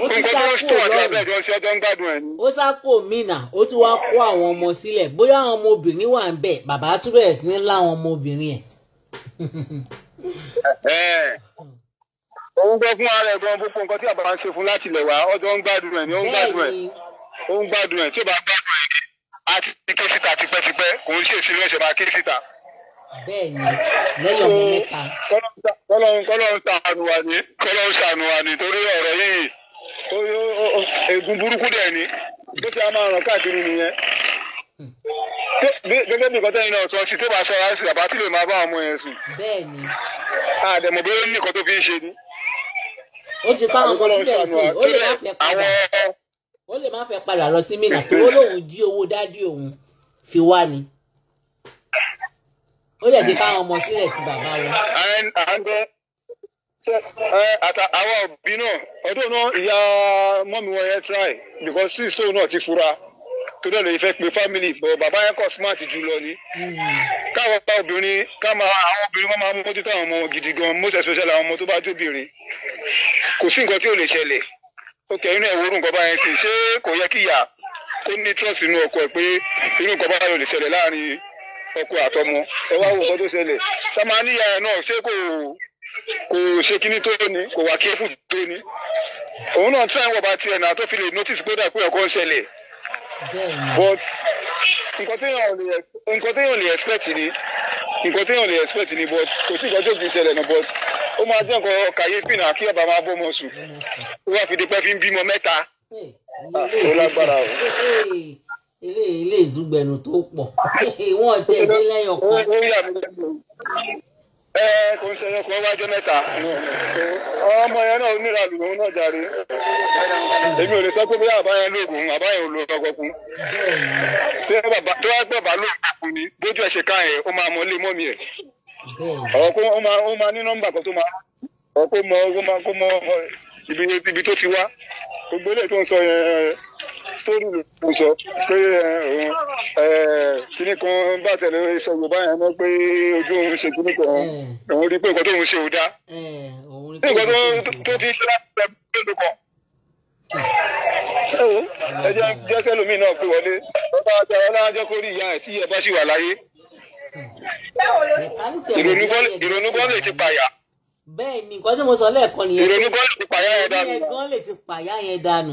ó ti sá kó lọ́rùn ó sá kó mìnà ó ti wá kó àwọn ọmọ sílẹ̀ bóyá àwọn ọmọbìnrin wà ń bẹ̀ bàbá tún bẹ̀rẹ̀ sí ní láwọn ọmọbìnrin ẹ̀. òun gbọ́ fún ara ẹ̀ gan nǹkan tí àbá ń ṣe fún láti lẹ̀ wá ọjọ́ ń gbádùn ẹ̀ ni ó ń gbádùn ẹ̀ ó ń gbádùn ẹ̀ tí ó bá gbádùn ẹ̀ a ti ké síta tipẹ́tipẹ́ kò ń ṣe ìsinmi ẹ̀ṣẹ̀ máa ké síta. bẹ́ẹ̀ni lẹ́yìn ọmọ mẹ́ta. kọlọ́run ṣàánú wa ni kọlọ́run ṣàánú wa ni torí ọ̀rọ̀ yìí ègún burúkú dẹ̀ ni bó ṣe á máa ràn káàkiri nìyẹn gẹ́gẹ́ bí nǹkan tẹ́yìn náà sọ sí tó bá sọ láti bàbá tí lè máa bá ọmọ yẹn sùn. bẹ́ẹ̀ni. àdèmọ̀ bí ó ní nǹkan tó fi ń ṣe ni. ó ti káwọn kan síbẹ̀ sí ó lè má fẹ́ padà ó lè má fẹ́ padà lọ sí mìíràn tó lóun jí owó dádì òun fi wá ni. ó lè ti káwọn ọmọ sílẹ̀ ti bàbá wọn àwọn òbí náà ọdún náà ìyá mọ́mi wọn yẹn try because six tó náà ti fura torí ẹ̀ lè fẹ́ pe family but bàbá yẹn kọ̀ smart jù lọ ni. Hmm. káwọn bá obìnrin káwọn àwọn obìnrin wọn máa mójútó àwọn ọmọ gidi gan most especially àwọn ọmọ tó bá jóbìnrin kò sí nǹkan tí ò lè ṣẹlẹ̀ ok inú ẹ̀ wúrú nǹkan bá yẹn sì ṣé kò yẹ kí ìyá kó ní trust inú ọkọ ẹ̀ pé inú nǹkan bá yẹn ò lè ṣẹlẹ̀ láàrin ọkọ àtọmọ ẹ wá wo nǹkan tó ṣẹlẹ̀ sàmánìyà ẹ̀ kò ṣe kíní tó ní kò wá kíẹ́fù tó ní òun náà tí àwọn ọba tiẹ̀ náà tó fi lè notice pé dàpọ̀ ẹ̀kọ́ ń ṣẹlẹ̀ but nǹkan téèyàn lè expect ni nǹkan téèyàn lè expect ni but kò sí ìdájọ́ kì í ṣẹlẹ̀ náà but ó máa jẹ́ nǹkan kàyéfì náà kí ọba máa bọ́mọ sùn ó wá fi dípẹ́ fi ń bímọ mẹ́ta ó lágbára o. ilé ilé ìzúgbẹ̀nù tó pọ̀ wọ́n ti ẹ̀ dé lẹ́yìn ọ̀kan. ẹ kò ń ṣẹyọ kan wájọ mẹ́ta ọmọ yẹn náà nílà lùgbọ́n náà jàre èmi ò lè sọ pé bóyá lóògùn tó gbọ́ bá lóògùn ni bójú ẹ ṣe ká yẹn ó máa mọ ilé mọ́mí ẹ̀ ọ̀pọ̀ ó máa ní nọmba kan tó máa mọ ó máa kó mọ ibi tó ti wá gbogbo tó ń sọ yẹn. sórí ló sọ pé eh, eh, kíní kan bá tẹ̀lé sọ yorùbá yẹn náà pé ojú òun ṣe kíní kan eh. òun rí pé nǹkan tóun ṣe ò dá nǹkan tó ti ṣe láti ṣe pẹ̀lú kan. Hmm. ẹ jẹ́ hmm. jẹ́ sẹ́lómi náà pé wọlé ọba àti àwọn alájọ́ kórì ìyá ẹ̀ tí ẹ bá ṣì wà láyé. Hmm. ìrònú bọ́ọ̀lù ti pààyà bẹ́ẹ̀ ni nǹkan tí mo sọ lẹ́ẹ̀kan nìyẹn ìrònú gan ti pàyà yẹn dànù. ìrònú gan ti pàyà yẹn dànù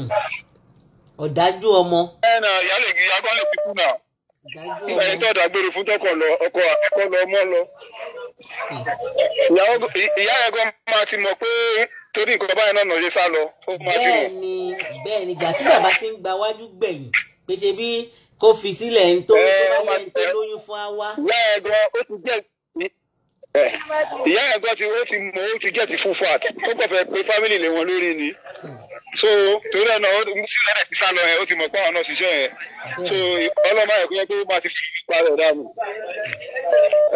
ọ̀dájú ọmọ. ẹ na ìyá lè gbé agbọ́n lè fikún náà ẹni tó dàgbére fún tọkọ lọ ọkọ ẹkọ lọ ọmọ lọ ìyá ẹgbẹ́ máa ti mọ̀ pé torí nǹkan báyìí náà lọ́ọ́ sá lọ. bẹ́ẹ̀ ni ìgbà tí bàbá ti ń gba wájú gbẹ̀yìn pé bí kó fi sílẹ̀ ń tó ń tó bá tó lóyún fún wa. ìyá ẹgbẹ́ ó ti jẹ́ ìyá ẹ̀ gbọ́ ti ó ti mọ ó ti jẹ́ ti fún fat ó kọ̀ pé fámìlì lé wọn lórí ni so torí ẹ̀ náà ó ti sílẹ̀ ti sá lọ yẹn ó ti mọ̀ pé àwọn ṣiṣẹ́ yẹn so ọlọ́mọ ẹ̀kọ́ yẹn pé ó máa ti fi ipa rẹ̀ dànù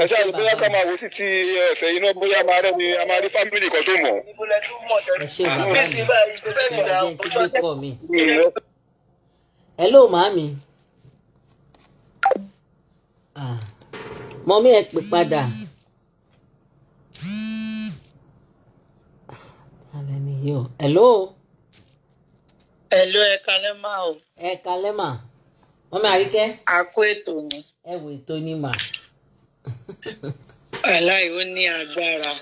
ẹ ṣáà ló ká máa wo sí ti ẹsẹ̀ iná bóyá máa rẹ́ ni a máa rí fámìlì kan tó mọ̀. ẹ ṣe bàbá mi ṣe mi. hello màámi ah, mọ́mí ẹ pè padà. Mm -hmm. Yo, hello. Hello, ẹ kalẹ́ mà o. Ẹ kalẹ́ mà. Mọ́mí Àríkẹ́. A kó ètò ni. Ẹ wo ètò ni mà. Aláì *laughs* ó ní agbára.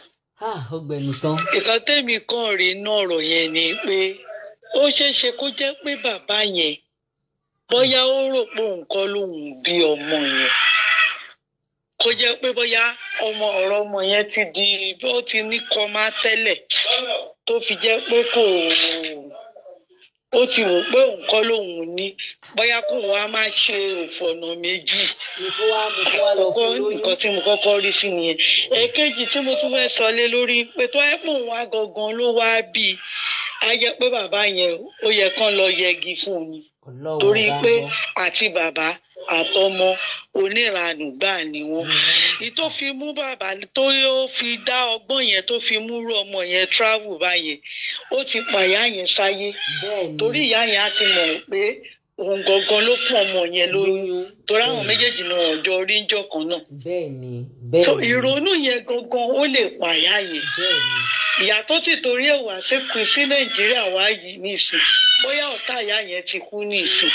Ó gbẹnu tán. Ìkan tẹ́mi kan rí inú ọ̀rọ̀ yẹn ni pé ó ṣeé ṣe kó jẹ́ pé bàbá yẹn bóyá ó rò pé òun kọ́ lòun bí ọmọ yẹn kó jẹ́ pé bóyá ọmọ ọ̀rọ̀ ọmọ yẹn ti di bí ó ti ní kọ́má tẹ́lẹ̀ tó fi jẹ́ pé kò ó ti wò pé nǹkan lòun ní bóyá kó wọn á máa ṣe òfònà méjì àkọ́kọ́ nǹkan tí mo kọ́kọ́ rí sí nìyẹn èkejì tí mo tún fẹ́ sọ lé lórí pé tó ẹ pò wá gangan ló wá bí a jẹ pé bàbá yẹn ó yẹ kán lọ yẹgi fún un torí pé àti bàbá àtọmọ oníranù gbà ni wọn ìtò fi mú bàbá tó yóò fi dá ọgbọ́n yẹn tó fi mú rú ọmọ yẹn travel báyẹn ó ti pàyà yẹn sáyé torí ìyá yẹn á ti mọ̀ pé òun gangan ló fún ọmọ yẹn lóyún torí àwọn méjèèjì náà ọjọ́ orí ń jọ kan náà. bẹ́ẹ̀ni bẹ́ẹ̀ni. so ìrònú yẹn gangan ó lè pààyà yẹn. bẹ́ẹ̀ni. ìyá tó ti torí ẹ̀ wá sí nàìjíríà wá yìí ní ìsìn bóyá ọ̀tá ìyá yẹn ti kú ní ìsìn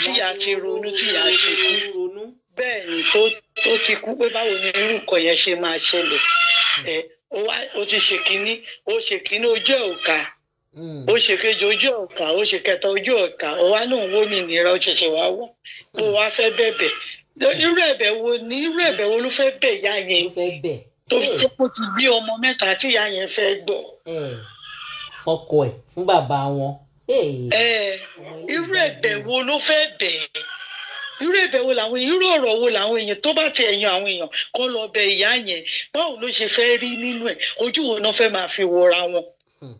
tí a ti ronú tí a ti kú bẹ́ẹ̀ ni tó ti kú pé báwo ni irú nǹkan yẹn ṣe máa ṣẹlẹ̀ ẹ ó ti ṣe kínní ó ṣe kínní ojú ẹ̀ o hmm. ó ṣe kejì ojú ọ̀ka o ṣe kẹta ojú ọ̀ka o wá lóun wó mi nira ó ṣẹ̀ṣẹ̀ wá wọ́ ó wá fẹ́ bẹ̀bẹ̀ irú ẹ̀bẹ̀ wo ni irú ẹ̀bẹ̀ wo ló fẹ́ bẹ̀ ìyá yẹn tó fi kó eh. ti bí ọmọ mẹ́ta tí ìyá yẹn fẹ́ gbọ́. Eh. ọkọ ẹ fún bàbá wọn. Eh, irú ẹ̀bẹ̀ wo ló fẹ́ bẹ̀ irú ẹ̀bẹ̀ wo làwọn irú ọ̀rọ̀ wo làwọn èèyàn tó bá ti ẹ̀yàn àwọn èèyàn kọ́ lọ bẹ̀ ìyá yẹn báwo ló ṣe fẹ́ rí nínú ẹ̀ ojú wo náà fẹ́ máa fi wọra wọn. Hmm.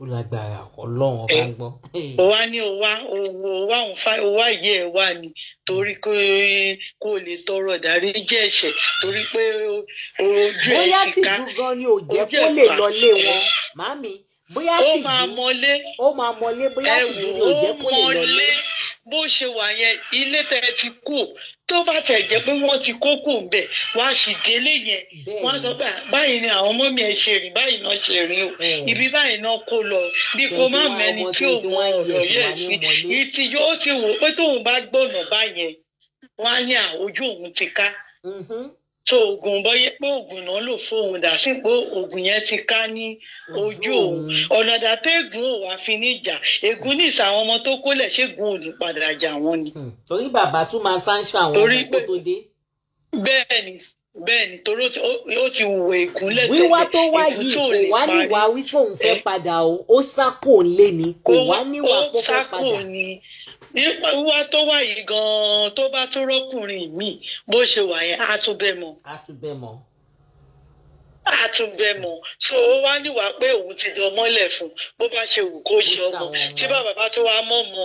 ó lágbára ọlọ́run ọba eh, ń gbọ́. òwa ni òwa òwa òwa yìí ẹ̀ wá ni torí hmm. kó kó lè tọrọ ìdárí jẹ́ ẹ̀ṣẹ̀ torí pé ojú ẹ̀ ti ká ojú ẹ̀ fà bóyá tìjú gan ni ò jẹ́ kó lè lọ lé wọn màmí bóyá tìjú ó máa mọlé ó máa mọlé bóyá tìjú yóò jẹ́ kó lè lọlé. bó ṣe wà yẹn ilé tẹ ẹ ti kú tó bá tẹ̀ jẹ́ pé wọ́n ti kó kù ń bẹ̀ sì délé yẹn wọ́n sọ pé báyìí ni àwọn ọmọ mi ẹ̀ ṣe rìn báyìí náà ṣe rìn o ibi báyìí náà kó lọ bí kò má mẹ́ni tí ò mọ ọ̀rọ̀ yẹ̀ sí ìtì yóò ti wò pé tóun bá gbọ̀nà báyẹn wọ́n á ní àwòjú òun ti ká. Mm-hmm so oògùn bọ́yẹ pé oògùn náà lò fóun dà sí pé oògùn yẹn ti ká ní ojú òun ọ̀nà dàtẹ́ ègún ò wá fi ní jà ègún ní ìsà àwọn ọmọ tó kólẹ̀ ṣégun ò ní padà jà wọ́n ni. Hmm. torí bàbá tún máa ṣáńṣọ àwọn ọmọ kó tó dé. bẹ́ẹ̀ ni bẹ́ẹ̀ ó ti wù ìkúnlẹ̀ tẹ́lẹ̀ wíwá tó wá yìí kò wá níwá wípé òun fẹ́ padà ó sá kò lé ni kò wá níwá kó fẹ́ padà. ó sá kò ní nípa wíwá tó wà yìí gan-an tó bá tún rọ́kùnrin mi bó ṣe wà yẹn á tún bẹ́ mọ́. á tún bẹ́ mọ́ àtúnbẹ̀mọ̀ so ó wá níwàá pé òun ti dán mọ́lẹ̀ fún bó bá ṣe wù kó ṣe ọmọ tí bàbá bá tó wá mọ́ ọmọ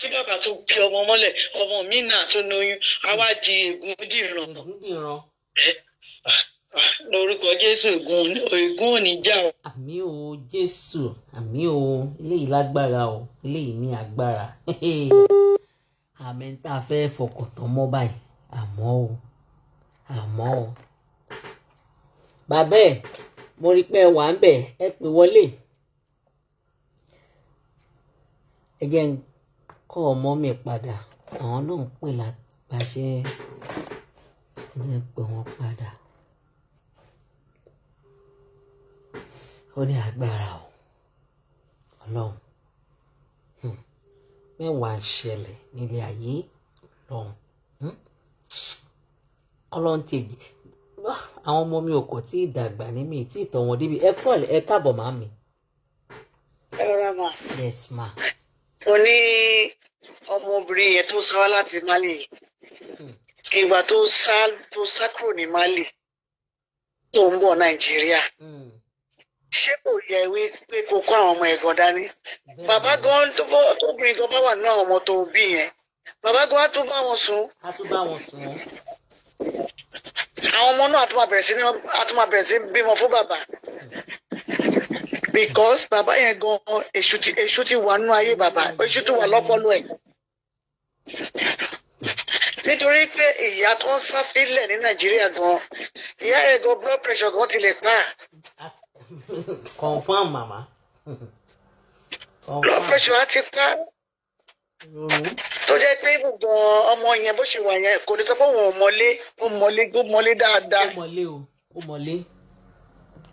tí bàbá tó gbé ọmọ mọ́lẹ̀ ọmọ mi náà tó lóyún àwa di ègún dìran. *laughs* lórúkọ jésù ègún ègún ò ní jà o. àmì o jésù àmì o eléyìí lágbára o eléyìí ní agbára *laughs* àmì tá a fẹ́ fọkàn tán mọ́ báyìí àmọ́ o àmọ́ o. bàbá ẹ mo rí pé wà ń bẹ ẹ pè wọlé ẹ jẹ́ ń kọ́ ọmọ mi padà àwọn náà ń pè láti pàṣẹ ẹ jẹ́ ń pè wọ́n padà. ó ní agbára o ọlọ́run hmm. mẹ́wàá ń ṣẹlẹ̀ nílé ayé lọ́hùn ọlọ́run hmm. ti èdè àwọn ọmọ mi ò kọ̀ tí ì dàgbà ní mi tí ì tọ̀ wọ́n débi ẹ kọ́ ẹ káàbọ̀ máa mi. ẹ rọra ma. yes ma. mo ní ọmọbìnrin yẹn tó sá wá láti Mali hmm. ìgbà tó sá tó sá kúrò ní Mali tó ń bọ̀ Nàìjíríà. Mm ṣé kò yẹ wí pé kò kọ́ àwọn ọmọ ẹ̀gàn dání bàbá gan tó obìnrin gan bá wà nínú àwọn ọmọ tó bí yẹn bàbá gan á tún bá wọn sùn. á tún bá wọn sùn. àwọn ọmọ náà á tún máa bẹ̀rẹ̀ sí ní á tún máa bẹ̀rẹ̀ sí bímọ fún bàbá because bàbá yẹn gan èṣù ti èṣù ti wà nínú ayé bàbá èṣù ti wà lọ́pọlọ ẹ̀ nítorí pé ìyá tó ń sáfílẹ̀ ní nàìjíríà gan ìyá rẹ̀ gan blood pressure gan tilẹ̀ pa confam mama. blood pressure á ti pa tó jẹ́ pé gbogbo ọmọ yẹn bó ṣe wà yẹn kò ní sọ pé òun ò mọlé ó mọlé ó mọlé dáadáa. ó mọlé o ó mọlé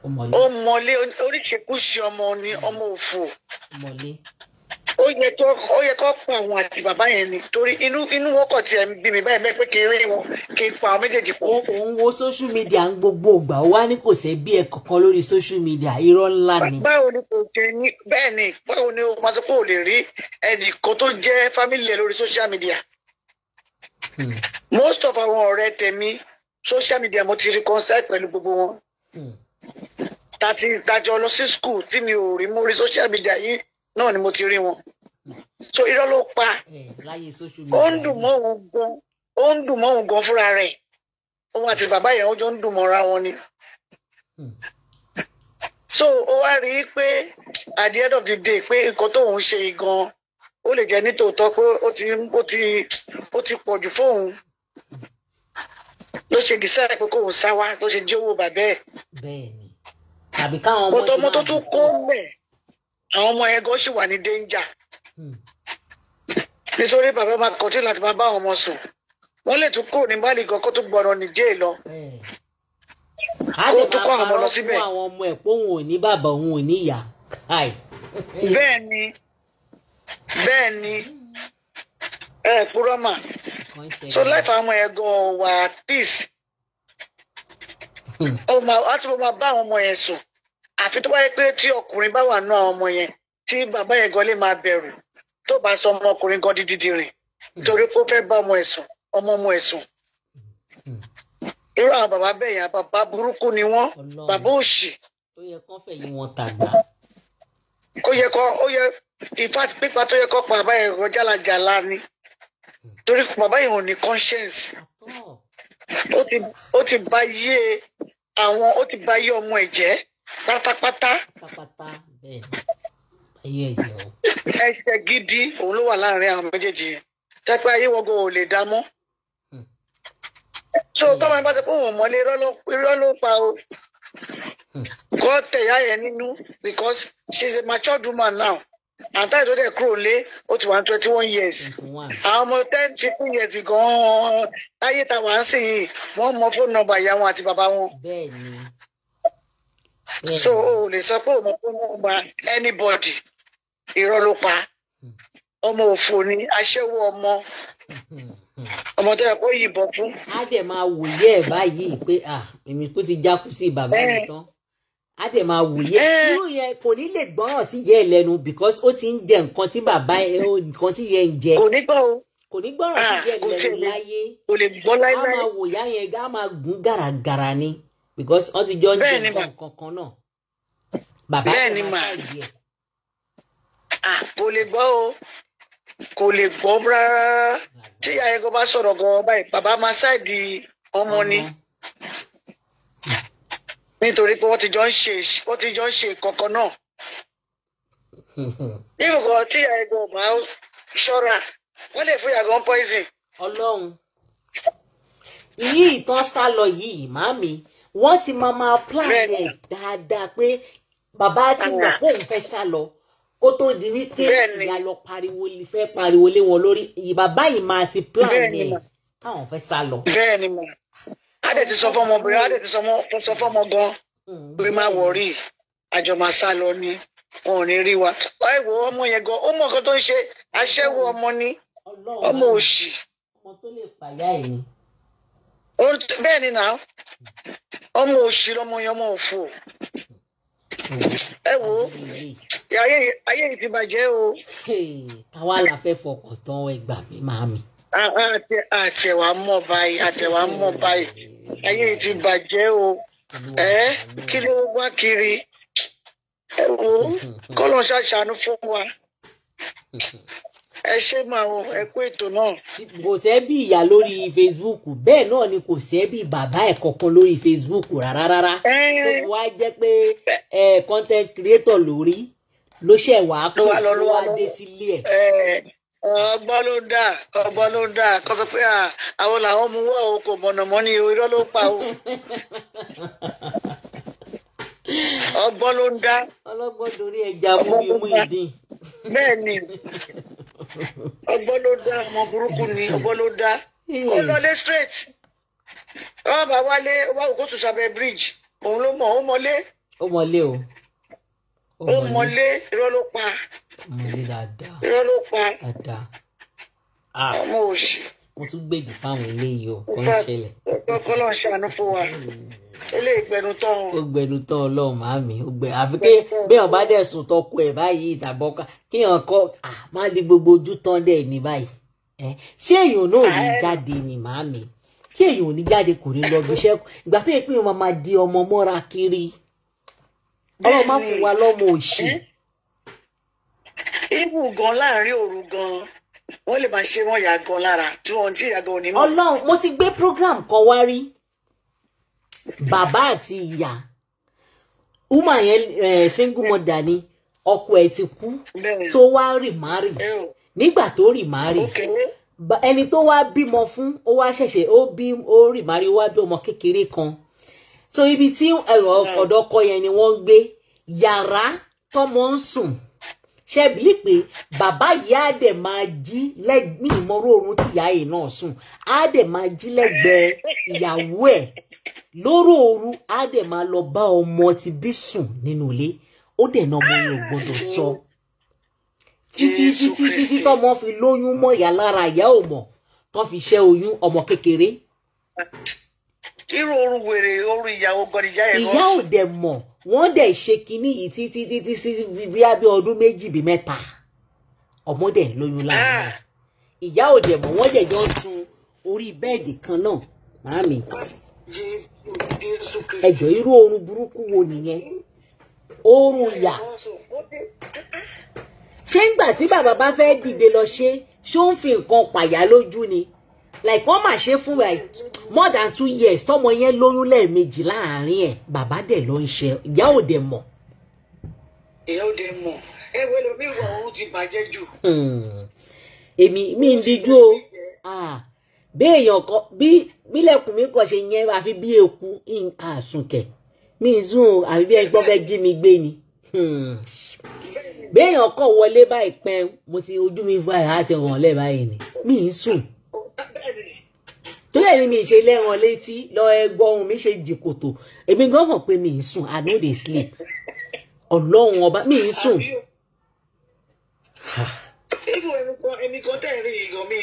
ó mọlé. ó mọlé oríṣiríṣi ọmọ ni ọmọ òfò. mọlé ó yẹ kó ó yẹ kó pa àwọn àti bàbá yẹn ni torí inú inú wọn kọ tiẹ̀ ń bí mi báyìí mẹ́pẹ́ kí n rí wọn kí n pa àwọn méjèèjì pọ̀. òun wo social media ń gbogbo ìgbà ó wá ní kò sẹ́ bí ẹ kankan lórí social media irọ́ ńlá ni. báwo ni kò ṣe ní bẹ́ẹ̀ ni báwo ni o máa sọ pé o lè rí ẹnì kan tó jẹ́ fámìlì lórí social media. Hmm. most of àwọn ọ̀rẹ́ tèmi social media mo ti rí concert pẹ̀lú gbogbo wọn. Hmm. tàti ìtajọ lọ sí school tí mi ò rí mo rí social media yìí náà ni mo ti rí wọn so irọ́ ló pa ó ń dùn mọ́ òun gan ó ń dùn mọ́ òun gan fúnra rẹ̀ òun àti bàbá yẹn ó jọ ń dùn mọ́ra wọn ni hmm. so ó wá rí i pé at the end of the day pé nǹkan tóun ṣe gan ó lè jẹ́ nítòótọ́ pé ó ti ó ti ó ti pọ̀ jù fóun ló ṣe decide pé kóun sá wá tó ṣe jẹ́ owó bàbá ẹ̀. bẹ́ẹ̀ni tàbí káwọn ọmọ ṣe máa dùn fún un àwọn ọmọ yẹn gan ṣì wà ní danger hmm. nítorí bàbá máa kọtí láti máa bá àwọn ọmọ sùn wọ́n lè tún kúrò ní báàlì gan kó tún gbọ̀nà nìjẹ́ lọ eh. kó tún kó àwọn ọmọ lọ síbẹ̀. àwọn ọmọ ẹ̀ pé òun ò ní bàbá òun ò ní ìyá. bẹ́ẹ̀ ni bẹ́ẹ̀ ni ẹ purọ́ mà so life àwọn ọmọ gan wà peace hmm. ó máa á tún máa bá àwọn ọmọ yẹn sùn àfi tó bá yẹ pé tí ọkùnrin bá wà nù àwọn ọmọ yẹn tí bàbá yẹn gan lè máa bẹ̀rù tó bá sọ ọmọkùnrin gan dídí rìn torí pé ó fẹ́ bá ọmọ ẹ̀sùn ọmọ ọmọ ẹ̀sùn irú àwọn bàbá bẹ́ẹ̀ yẹn bàbá burúkú ni wọ́n bàbá òṣì. ó yẹ kó fẹ̀yìn wọn tàgbà. ó yẹ kó ó yẹ ìfà pípa tó yẹ kó pa bàbá yẹn rọjá làjàlá ni torí bàbá yẹn ò ní conscience ó ti bá yé àwọn ó ti bá yé ọmọ ẹ̀ jẹ́ pátápátá. pátápátá bẹ́ẹ̀ ayé ẹ̀jẹ̀ o. ẹsẹ̀ gidi òun ló wà láàrin àwọn méjèèjì yẹn tẹ́pẹ́ ayé wọgọ́ ò lè dá mọ́. Hmm. so hmm. tọ́mọ bá ti pé òun mọ́lé irọ́ ló pa o. Hmm. kọ́ tẹ̀yà yẹn nínú because she is a matured woman now àǹtá ìtọ́jú ẹ̀ kúrò lé ó ti wà ní twenty one years àwọn ọmọ ten fifteen years gan-an láyé ta wà ń sìn yìí wọ́n mọ fóònù nọ́mbà ìyá wọn àti bàbá wọn so o ò lè sọ pé òun kò mọ ọgbà anybody irọ́ ló pa ọmọ òfò ni aṣẹ́wó ọmọ ọmọ tó yẹ kó yìnbọn fún. á dẹ̀ máa wòye ẹ̀ báyìí pé èmi kò ti jákú sí bàbá mi eh. tán á dẹ̀ máa wòye eh. irú yẹn kò ní lè gbọ́ràn sí yẹ ẹ lẹ́nu because ó ti ń jẹ nǹkan tí bàbá ẹ nǹkan tí yẹ ń jẹ. kò ní gbọ́ o kò ní gbọ́ràn sí ah, yẹ ẹ lẹ́nu láyé kò lè gbọ́ láyé. á máa wòyá yẹn á máa gún gàràgàrà ni because wọ́n ti jọ ń jẹ nǹkan kankan náà bàbá tó máa ṣáàjì ẹ̀. kò lè gbọ́ o kò lè gbọ́ rárá tí ayẹyẹ bá sọ̀rọ̀ gan-an báyìí bàbá máa ṣáàjì ọmọ ni nítorí pé wọ́n ti jọ ń ṣe wọ́n ti jọ ń ṣe kankan náà *laughs* níbi kan tí àìgbọ̀n máa ṣọ́ra wọ́n lè fún yàgàn poison. ọlọ́run iyì ìtàn sá lọ yìí màmí wọ́n ti máa máa plan ẹ̀ dáadáa pé bàbá ti mọ̀ ah. pé òun fẹ́ sá lọ kó tó di wípé ìyá lọ pariwo fẹ́ pariwo lé wọn lórí bàbá yìí máa ti plan ẹ̀ káwọn fẹ́ sá lọ. bẹ́ẹ̀ni mo a dẹ ti sọ fọmọ obìnrin a dẹ ti sọ fọmọ gan bí má wọrí àjọ máa sá lọ ni wọn ò ní rí wa ẹ wo ọmọ yẹn gan ó mọ nǹkan tó ń ṣe aṣẹ́wó ọmọ ni ọmọ òṣì. ọmọ tó lè pàyà ẹ̀ ni. bẹ́ẹ̀ ni náà ọmọ òṣì lọmọ yẹn ọmọ òfò ẹ wo ayé yìí ti bàjẹ́ o. àwa la fẹ́ fọkàn tán ẹ gbà mí màámi. àtẹ̀wá mọ̀ báyìí àtẹ̀wá mọ̀ báyìí ayé yìí ti bàjẹ́ o ẹ kí ló wá kiri ẹ wo kọ́lọ́ ṣàṣàánú fún wa. ẹ ṣe máa wọ ẹ kú ètò náà. kò sẹ́bí ìyá lórí Facebook bẹ́ẹ̀ náà ni kò sẹ́bí bàbá ẹ̀ kankan lórí Facebook rárá rárá tó fi wá jẹ́ pé content creator lórí ló ṣẹ̀ wá kó ló wá dé sílé ẹ̀ ọgbọ́n ló ń dà ọgbọ́n ló ń dà kó sọ pé àwọn làwọn mú wọ́ o kò mọ̀nàmọ́ ni irọ́ ló ń pa o. *laughs* ọgbọ́n ló ń dà. ọlọ́gbọ́n dorí ẹja mú mi mú ìdín. bẹ́ẹ̀ ọgbọ́n ló dá ọmọ burúkú ni ọgbọ́n ló dá ó lọlé straight ọba wálé wá òkú tó sábẹ́ bridge òun ló mọ ó mọlé. ó mọlé o. ó mọlé irọ́ ló pa. mọlé dáadáa. irọ́ ló pa. dáadáa. ọmọ òṣì. mo tún gbèdì fáwọn eléyìí o kò ń ṣẹlẹ̀. ọgbọ́n kọ́ ló ń ṣàánú fún wa eléyìí gbẹnu o. ó gbẹnu tán ọlọ́run màámi ó gbẹ àfi pé béèyàn bá dẹ̀ sùn tọkọ ẹ̀ báyìí ìtàbọ̀ ká kéèyàn kọ́ à má di gbogbo ojú tán dẹ̀ ní báyìí ẹ ṣé èèyàn náà ní jáde ní màámi ṣé èèyàn ò ní jáde kò ní lọ gbéṣẹ́ ìgbà tó yẹ pé wọn máa di ọmọ mọ́ra kiri ọlọ́run má fún wa lọ́mọ òṣì. ibù gan láàrin òru gan wọn lè máa ṣe wọn yà lára tí wọn ti yà gan ò mo ti gbé program kan wá rí bàbá àti ìyá uma yẹn eh, single mother ni ọkọ ẹ̀ ti kú tó wá rì márì nígbà tó rì márì ẹni tó wá bímọ fún ó wá ṣẹ̀ṣẹ̀ ó bí ó rì márì ó wá bí ọmọ kékeré kan so ibi tí ọ̀dọ̀ ọkọ yẹn ni wọ́n ń gbé yàrá tọmọ ń sùn ṣe bìlí pé bàbá ìyá dẹ̀ máa jí lẹ́gbẹ̀ẹ́ ìmọ̀ró oorun tí yìí náà sùn á máa jí lẹ́gbẹ̀ẹ́ ìyàwó ẹ̀ lóru òru á dẹ̀ máa lọ bá ọmọ ti bí sùn nínú ilé ó dẹ̀ náà ọmọ yẹn ò gbọ́dọ̀ sọ títí títí títí tọmọ fi lóyún mọ́ ìyá lára ìyá ò mọ̀ tó fi ṣẹ́ oyún ọmọ kékeré. irú oru wèrè oru ìyàwó gọdí ìyá ẹ̀ lọ. ìyá ò dẹ̀ mọ̀ wọ́n dẹ̀ ṣe kinní yìí títí títí sí bí abẹ́ ọdún méjì bí mẹ́ta ọmọ dẹ̀ lóyún láàrin ah. ìyá ò dẹ̀ mọ̀ wọ́n dẹ̀ jọ ń orí bẹ́ẹ̀dì kan náà màámi ẹjọ́ irú oorun burúkú wo nìyẹn oorun yà ṣé ńgbà tí bàbá bá fẹ́ dìde lọ ṣe ṣó ń fi nǹkan pàyà lójú ni like wọ́n mà ṣe fún like more than two years tọmọ yẹn lóyún lẹ́ẹ̀mejì láàárín ẹ̀ bàbá dẹ̀ ló ń ṣe ìyá ò dẹ̀ mọ̀. ìyá ò dẹ̀ mọ̀ ẹ wẹ́n lómi ìwà òun ti bàjẹ́ jù. Hmm. èmi mi ń díjú o ah. béèyàn kan bí bílẹ̀kùn mi kàn ṣe yẹn àfi bí èkú àsùnkẹ̀ mi zoom àfi bí ẹgbọ́n fẹ́ jí mi gbé ni. Hmm. béèyàn kọ̀ wọlé báyìí pẹ́ mo ti ojú mi fún àyà àti ọ̀ràn lẹ́ẹ̀ báyìí ni mi ń sùn. torí ẹni mi ṣe lẹ́ran létí lọ ẹgbọ́n mi ṣe jìkòtò èmi gan mọ̀ pé mi ń sùn i no dey sleep ọlọ́run ọba mi ń sùn even ẹni kan tẹ̀ rí ìgàn mi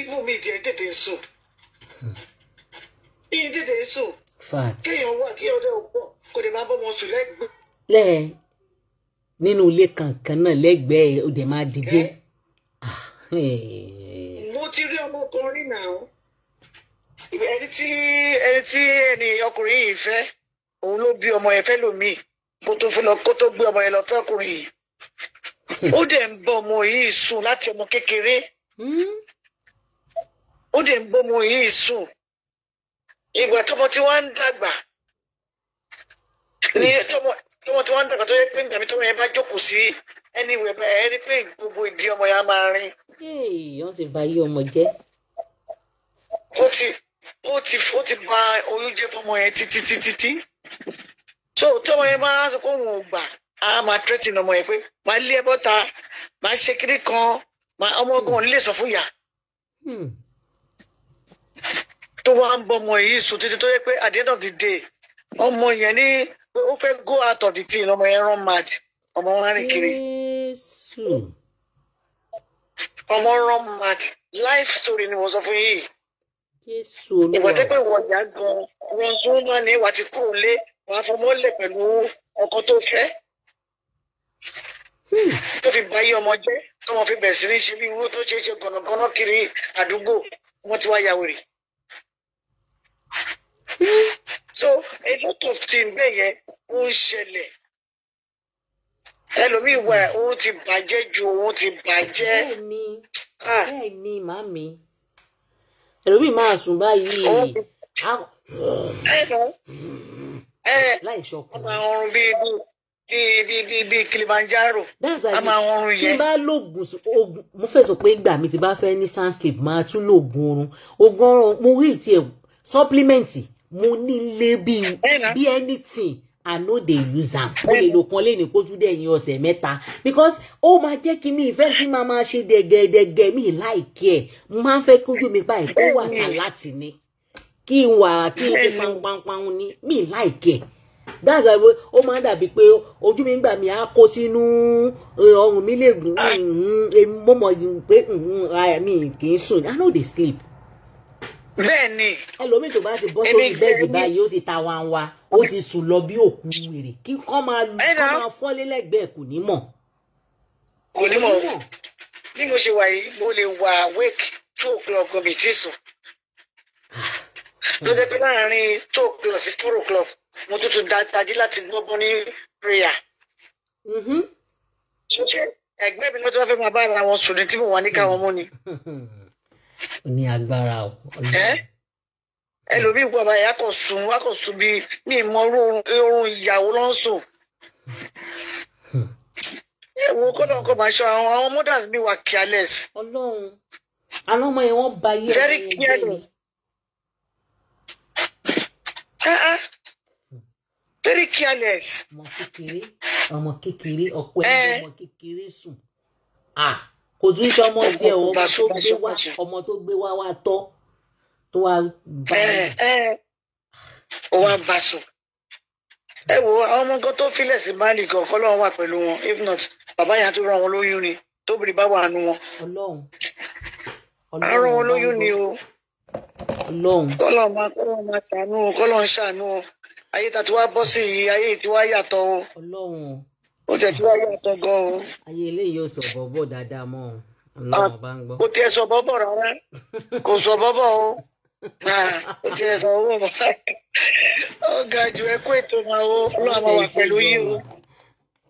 ìfún mi ìdí tètè sùn yìí tètè sùn kéèyàn wà kí ọjọ́ òpó kò lè máa bọ́ ọmọ sùn lẹ́gbẹ̀ẹ́. lẹ́ẹ̀ nínú ilé kankan náà lẹ́gbẹ̀ẹ́ òde máa dìde. Ah, mo ti rí ọmọkùnrin náà ẹni tí ẹni tí ẹni ọkùnrin yìí fẹ́ òun ló bí ọmọ yẹn fẹ́ lòmíì kó tó fẹ́ lọ kó tó gbé ọmọ yẹn lọ fẹ́ yìí hmm. ó dẹ̀ ń bọ ọmọ yìí sùn láti ọmọ kékeré hmm. ó dẹ̀ ń bọ ọmọ yìí sùn ìgbà tọmọ tí wọn ń dàgbà ní tọmọ tọmọ tí wọn ń dàgbà tó yẹ pé nígbà mi tọmọ yẹn bá jókòó sí ẹni ìwé bá ẹni pé gbogbo ìdí ọmọ yẹn á máa rìn. wọ́n ti bà yí ọmọ jẹ́. ó ti ó ti ó ti bà oyún jẹ́ fọmọ yẹn títí títí tí so tọmọ yẹn bá sọ pé òun ò gbà á máa tẹ́tì ọmọ yẹn pé máa lé ẹ bọ́ta máa ṣe kiri kan ọmọ ogun ò ní lè sọ fún ìyá. Hmm tó wá ń bọmọ yìí sùn títí tó yẹ pé at the end of the day ọmọ yẹn ní ó fẹ́ go out of the thing ọmọ yẹn run mad ọmọ wọn rìn kiri ọmọ run mad life story ni mo sọ fún yìí ìwọ́dé pé ìwọ̀dà gan wọn tó má ní ìwà tí kúrò lé wàá fọmọ́lẹ̀ pẹ̀lú ọkọ tó fẹ́ hmm. tó fi báyé ọmọ jẹ́ tó wọn fi bẹ̀rẹ̀ sí ní ṣe bí irú tó ṣe ṣe gànàgànà kiri àdúgbò wọn ti wá yàwèrè so a lot of things bẹ́ẹ̀ yẹn ó ń ṣẹlẹ̀ ẹlòmíì wà òun ti bàjẹ́ ju òun ti bàjẹ́. bẹ́ẹ̀ni ah. bẹ́ẹ̀ni màmí ẹlòmíì máa sùn báyìí ah. eh, eh. láì ṣọkùn. ọmọ ọrùn bíi bíi bíi bíi Kilimanjaro ọmọ ọrùn yẹn. tí bá lóògùn oògùn mo fẹ̀sọ̀ pé ìgbà mi ti bá fẹ́ ní sandscape máa tún lóògùn oorun oògùn oorun mo rí ìtì ẹ̀ supplement mo nílé bíi bí anything i no dey use am mo lè lò kan lẹ́nu kójú dẹ̀yìn ọ̀sẹ̀ mẹ́ta because ó máa jẹ́ kí mi ìfẹ́ kí máa máa ṣe dẹ̀gẹ̀dẹ̀gẹ̀ mi láìkí ẹ̀ mo máa ń fẹ́ kójú mi báyìí kó wà ká láti ní kí n wà kí n fi pánpánpán ní mi láìkí ẹ̀ that's why ó máa ń dàbí pé ojú mi ń gbà mí á kó sínú ọrùn mi lè gùn ah. mm-hmm. mo mọ̀ pé mm-hmm, mi kì í sùn i no dey sleep bẹ́ẹ̀ ni. ẹlòmíì tó bá ti bọ́ sórí bẹ́ẹ̀dì báyìí ó ti ta wanwa ó ti sùn lọ bí òkú wèrè kí kán máa lu kán máa fọ́lé lẹ́gbẹ̀ẹ́ kò ní mọ̀. kò ní mọ̀ bí mo ṣe wà yìí mo lè wà wake two o'clock mi ti sùn hmm. tó jẹ́ pé láàárín two o'clock sí four o'clock mo tún dájú láti gbọ́gbọ́n ní prayer. Mm-hmm. ẹgbẹ́ mi ló ti wá fẹ́ máa bá ara wọn sùn ní tí mo wà ní káwọn mú ni. *laughs* ní agbára o. ẹlòmíì gbọ́ báyìí a kò sùn a kò sùn bíi mi mọ oorun ìyàwó ló ń sùn. Hmm. ẹ̀wọ̀ kọ́nà ọkọ̀ máa ṣọ àwọn àwọn mothers mi wà careless. ọlọ́run àwọn ọmọ yẹn wọ́n ba yẹ́ very careless. very careless. ọmọ kékeré ọmọ kékeré ọ̀pọ̀ ẹ̀jẹ̀ ọmọ kékeré sùn. ah kò tún ṣe ọmọ tiẹ̀ o ọmọ tó gbé wá ọmọ tó gbé wá wá tọ́ tó wá bá a. Eh, eh. ó wá bá a sùn ẹ wo àwọn ọmọ nǹkan tó filẹ̀ sí mali gan ọkọ lọ́wọ́ wà pẹ̀lú wọn if not bàbá yẹn á tún rán wọn lóyún ni tóbìrì bá wà nù wọn. ọlọ́run ọlọ́run wọn lóyún ni o. ọlọ́run kọ́lọ́run máa kọ́lọ́run máa ṣàánú o kọ́lọ́run ṣàánú o ayé ta ti wá bọ́ sí i ayé ti wá yàtọ̀ o. ọlọ́run ó tẹ̀ tí wàá yà tán gan o. ayé eléyìí ò sọ bọ́bọ̀ dáadáa mọ́ ọ ọlọ́run bá ń gbọ́. kò tiẹ̀ sọ bọ́bọ̀ rárá kò sọ bọ́bọ̀ o kò tiẹ̀ sọ owó mọ́ ọ ga jù ẹ kó ètò máa wo ọlọ́run máa wà pẹ̀lú yín o.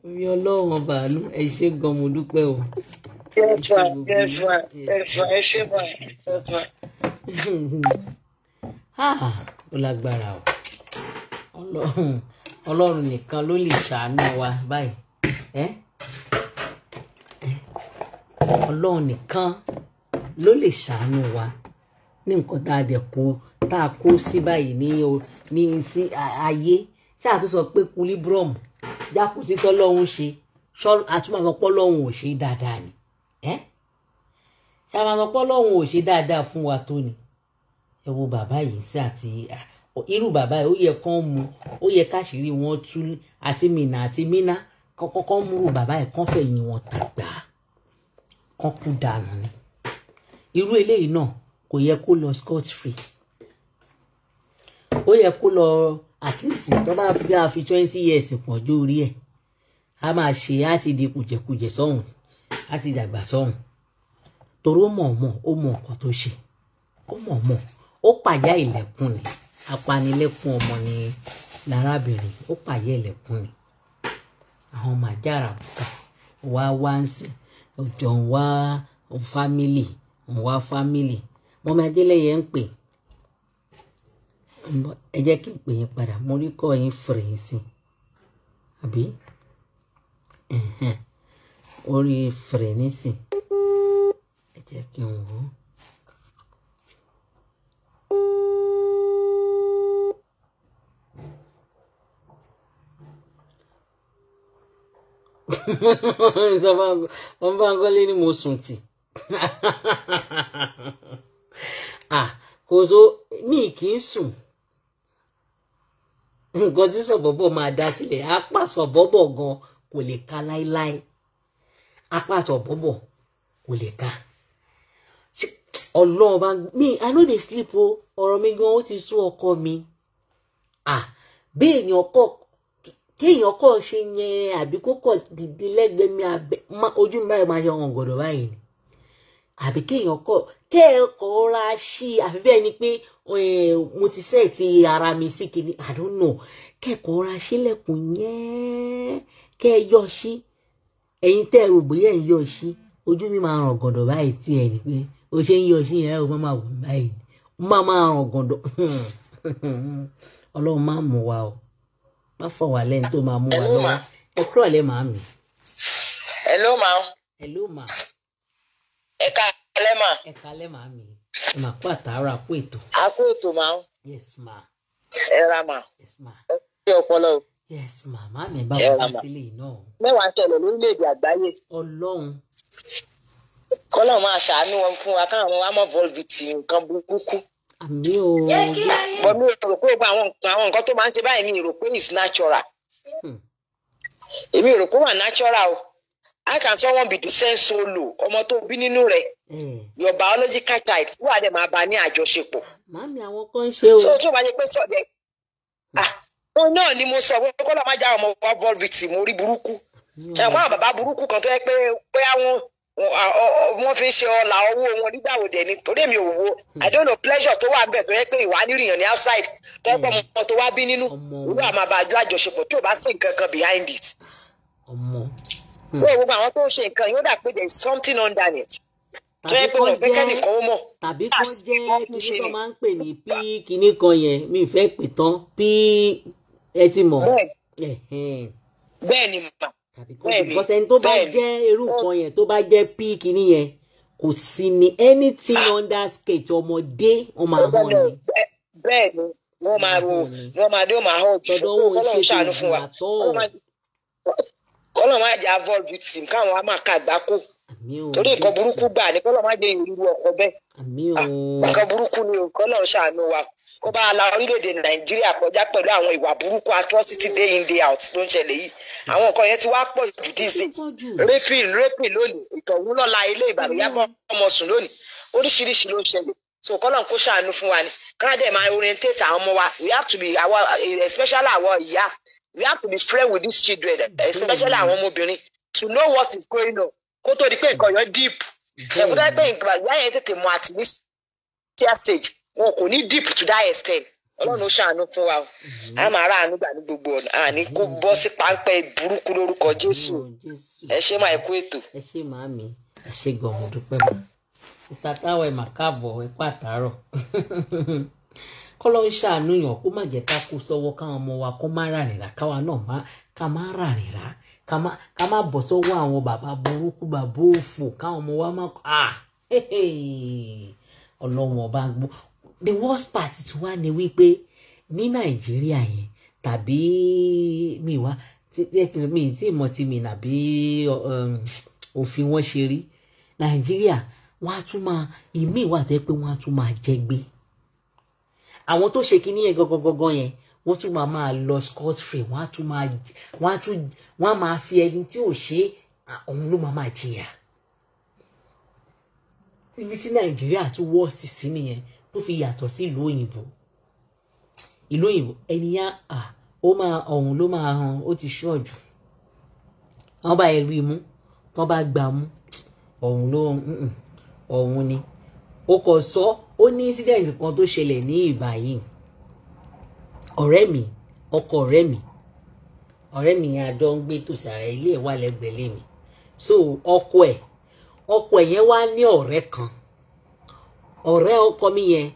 omi ọlọ́run bàánú ẹ ṣé gan mo dúpẹ́ o. yes ma yes ma yes ma ẹ ṣé ma yes o ọlọ́run nìkan ló lè ṣàánú wa báyìí ọlọ́run nìkan ló lè ṣàánú wa ní nǹkan tá a dẹ̀ kó tá a kó sí báyìí ní ní sí ayé tí a tún sọ pé kulibrom jákùsí tọ́lọ́hún ṣe àtúmọ̀mọ́pọ́ lọ́hún ò ṣe dáadáa ni ṣàmọ̀mọ́pọ́ lọ́hún ò ṣe dáadáa fún wa tó ni ẹ wo bàbá yìí sí àti irú bàbá yìí ó yẹ kán mu ó yẹ káṣírí wọn tú àti mìnà àti mínà kọ́kọ́ múrò bàbá ẹ̀ kán fẹ̀yìn wọn tàgbà kán kú dànù ni irú eléyìí náà kò yẹ kó lọ scot free ó yẹ kó lọ at least tó bá fi àfi twenty years pọ̀jù orí ẹ̀ a máa ṣe á ti di kùjẹkùjẹ sọ́hùn á ti dàgbà sọ́hùn torí ó mọ̀ọ́mọ̀ ó mọ nǹkan tó ṣe ó mọ̀ọ́mọ̀ ó pàjá ilẹ̀kùn ni apanilẹ́kùn ọmọ ni lárábìnrin ó pàyẹ́ ilẹ̀kùn ni àwọn màjára wá wá ń sìn ọjọ́ ń wá fámìlì ń wá fámìlì mọ́mí adélẹ́yẹ ń ẹ kí n padà mo rí kọ́ yín fèrèsì àbí orí fèrèsì ẹ kí n wọ́n *laughs* bá ń gbọ́lé ní mo sùn tì *laughs* ah, kò so mi kì í sùn nǹkan tí sọ̀bọ̀bọ̀ máa dá sílẹ̀ apá sọ̀bọ̀bọ̀ gan kò lè ka láéláé apá sọ̀bọ̀bọ̀ kò lè ka ọlọ́run bá mi i no dey sleep o ọ̀rọ̀ mi gan ó ti sú ọkọ mi ah béèyàn kọ́ kéèyàn kọ́ ṣe yẹn àbí kó kọ̀ dìde lẹ́gbẹ̀ẹ́ mi àbẹ ojú mi báyìí máa ṣe ọ̀hún gọ̀dọ̀ báyìí ni àbí kéèyàn kọ́ kẹ́ẹ̀kọ́ ra ṣí àfi bẹ́ẹ̀ ni pé mo ti sẹ́ẹ̀tì ara mi sí kìíní I don't know kẹ́ẹ̀kọ́ ra ṣílẹ̀kùn yẹn kẹ́ ẹ yọ ṣí ẹ̀yin tẹ́ ẹ rò bóyá ẹ̀yin yọ ṣí ojú mi máa ràn gọ̀dọ̀ báyìí tí ẹ̀ ní pé o ṣe ń yọ ṣí yẹn o máa wù báyìí máa máa ràn gọ̀dọ̀ *laughs* ọlọ́run máa mú wa o má fọ wà lẹ́nu tó máa mú wa lọ́wọ́ ẹ kúrò lẹ́ màá mi. hello ma. hello ma. ẹ ká lẹ́ ma. ẹ ká lẹ́ màá mi ẹ máa kó àtàrà kó ètò. a kó ètò ma. yes ma. ẹ ra ma. yes ma. ẹ kí ọpọlọ o. yes ma má mi bá wà sílé yìí náà. mẹ́wàá ń tẹ̀lé lórílẹ̀‐èdè àgbáyé. ọlọ́run. kọ́lọ́ máa ṣàánú wọn fún wa káwọn wa mọ̀ volvit nǹkan burúkú àmì o. bọ́ mi ò rò pé gbogbo àwọn àwọn nǹkan tó máa ń ṣe báyìí mi rò pé is natural hmm. èmi rò pé wà natural o how can someone be the same solo ọmọ tó bí nínú rẹ̀ eh. your biological child wà dẹ̀ máa bá ní àjọṣepọ̀. màámi àwọn kan ń ṣe o. tó tó bá yẹ pé sọ̀dẹ̀ hmm. ah òun náà ni mo sọ pé kọ́lá má já ọmọ wa vulvity mo rí burúkú ṣàǹkó àwọn bàbá burúkú kan tó yẹ pé pé àwọn wọ́n fi ń ṣe ọlà owó wọn nígbà wo ni torí mi ò wo i don't know pleasure tó wà bẹ̀ tó yẹ pé ìwà nírìyàn ní outside tó yẹ pé hmm. ọmọ tó wá bí nínú olú àmọ́ bá lájọṣepọ̀ tí ò bá sí nǹkan kan behind it. Hmm. wọ́n gbogbo àwọn tó ń ṣe nǹkan yóò dà pé there is something under it tó yẹ pé wọ́n fẹ́ kẹ́nìkan ó mọ̀. tàbí kó jẹ́ kíní tó máa ń pè ní pí kíní kan yẹn mi fẹ́ pè tán pí ẹ ti mọ̀. bẹ́ẹ̀ ni mà tàbí kó because ẹni tó bá jẹ́ irú yẹn tó bá jẹ́ píìkì nìyẹn kò sí ní anything ah. under skate ọmọdé ọmọ àwọn ni. bẹ́ẹ̀ni wọn máa ro wọn máa dé wọn máa hàn jù Ọlọ́run ṣàánú fún wa Ọlọ́run máa jẹ avoid victim káwọn á máa kàgbákò torí nǹkan burúkú gbà ní Ọlọ́run máa jẹ ìrírí ọkọ bẹ́ẹ̀ nǹkan burúkú ni nǹkan náà ṣàánú wa kó bá la orílẹ̀-èdè nàìjíríà kọjá pẹ̀lú àwọn ìwà burúkú atrocity day in day out ló ń ṣẹlẹ̀ yìí àwọn nǹkan yẹn ti wá pọ̀ jù these days raping raping lónìí ìtọ̀hún lọ́la ilé ìbàdàn yàgbọ́n ọmọ sùn lónìí oríṣiríṣi ló ń ṣẹlẹ̀ so kọ́ náà kó ṣàánú fún wa ni kánádé máa orientate àwọn ọmọ wa we have to be our especially our ìyá we have to be friend with these children especially àwọn ọmọbìnrin to know what is going on kó tó di pé nǹkan yẹn deep ẹ̀kú dájú pé nǹkan àgbà yẹn tètè mọ àti ní ṣíà stage wọn kò ní deep to that extent ọlọ́run ó ṣàánú fún wa a máa rà àánú gbà ní gbogbo ọ̀nà àní kó bọ́ sí páńpẹ́ burúkú lórúkọ jésù ẹ ṣe máa kú ètò. ẹ ṣe máa mi ẹ ṣe gbọ̀ngàn dúpẹ́ mọ́ sista táwọn ẹ̀ mà káàbọ̀ ẹ pàtàrọ̀ *laughs* kọ́lọ́ ń ṣàánú yàn kó má jẹ́ ká kó sọ́wọ́ káwọn ọmọ wa kó má rà rìnrà káwa náà ká má rà rìnrà ká má bọ̀ sọ́wọ́ àwọn bàbá burúkú bàbá òfò káwọn ọmọ wa má kọ́ ah ọlọ́run ọba gbọ́ the worst part tí wà ní wípé ní nàìjíríà yẹn tàbí mi wá mi tí ìmọ̀ ti mi nàbí òfin wọn ṣe rí nàìjíríà wọn á tún máa ìmí ìwà tẹ́ pé wọn á tún máa jẹgbé àwọn tó ṣe kinní yẹn gangan gangan yẹn wọ́n tún máa máa lọ scot free wọ́n á tún máa wọ́n á tún wọ́n á máa fi ẹni tí ò ṣe òun ló máa máa jìyà ibi tí nàìjíríà tún wọ́ọ̀sì sí nìyẹn tó fi yàtọ̀ sí ìlú òyìnbó ìlú òyìnbó ẹni yá à ó máa ọ̀hún ló máa hàn ó ti ṣọ́ọ̀jù wọ́n bá rí mú wọ́n bá gbà mú ọ̀hún ló ọ̀hún ni ó kò sọ ó ní incident kan tó ṣẹlẹ̀ ní ìbàyìí ọ̀rẹ́ mi ọkọ ọ̀rẹ́ mi ọ̀rẹ́ mi yẹn àjọ ń gbé tòsí ara ilé ẹ̀ wà lẹ́gbẹ̀ẹ́ mi so ọkọ ẹ̀ ọkọ ẹ̀ yẹn wá ní ọ̀rẹ́ kan ọ̀rẹ́ ọkọ mi yẹn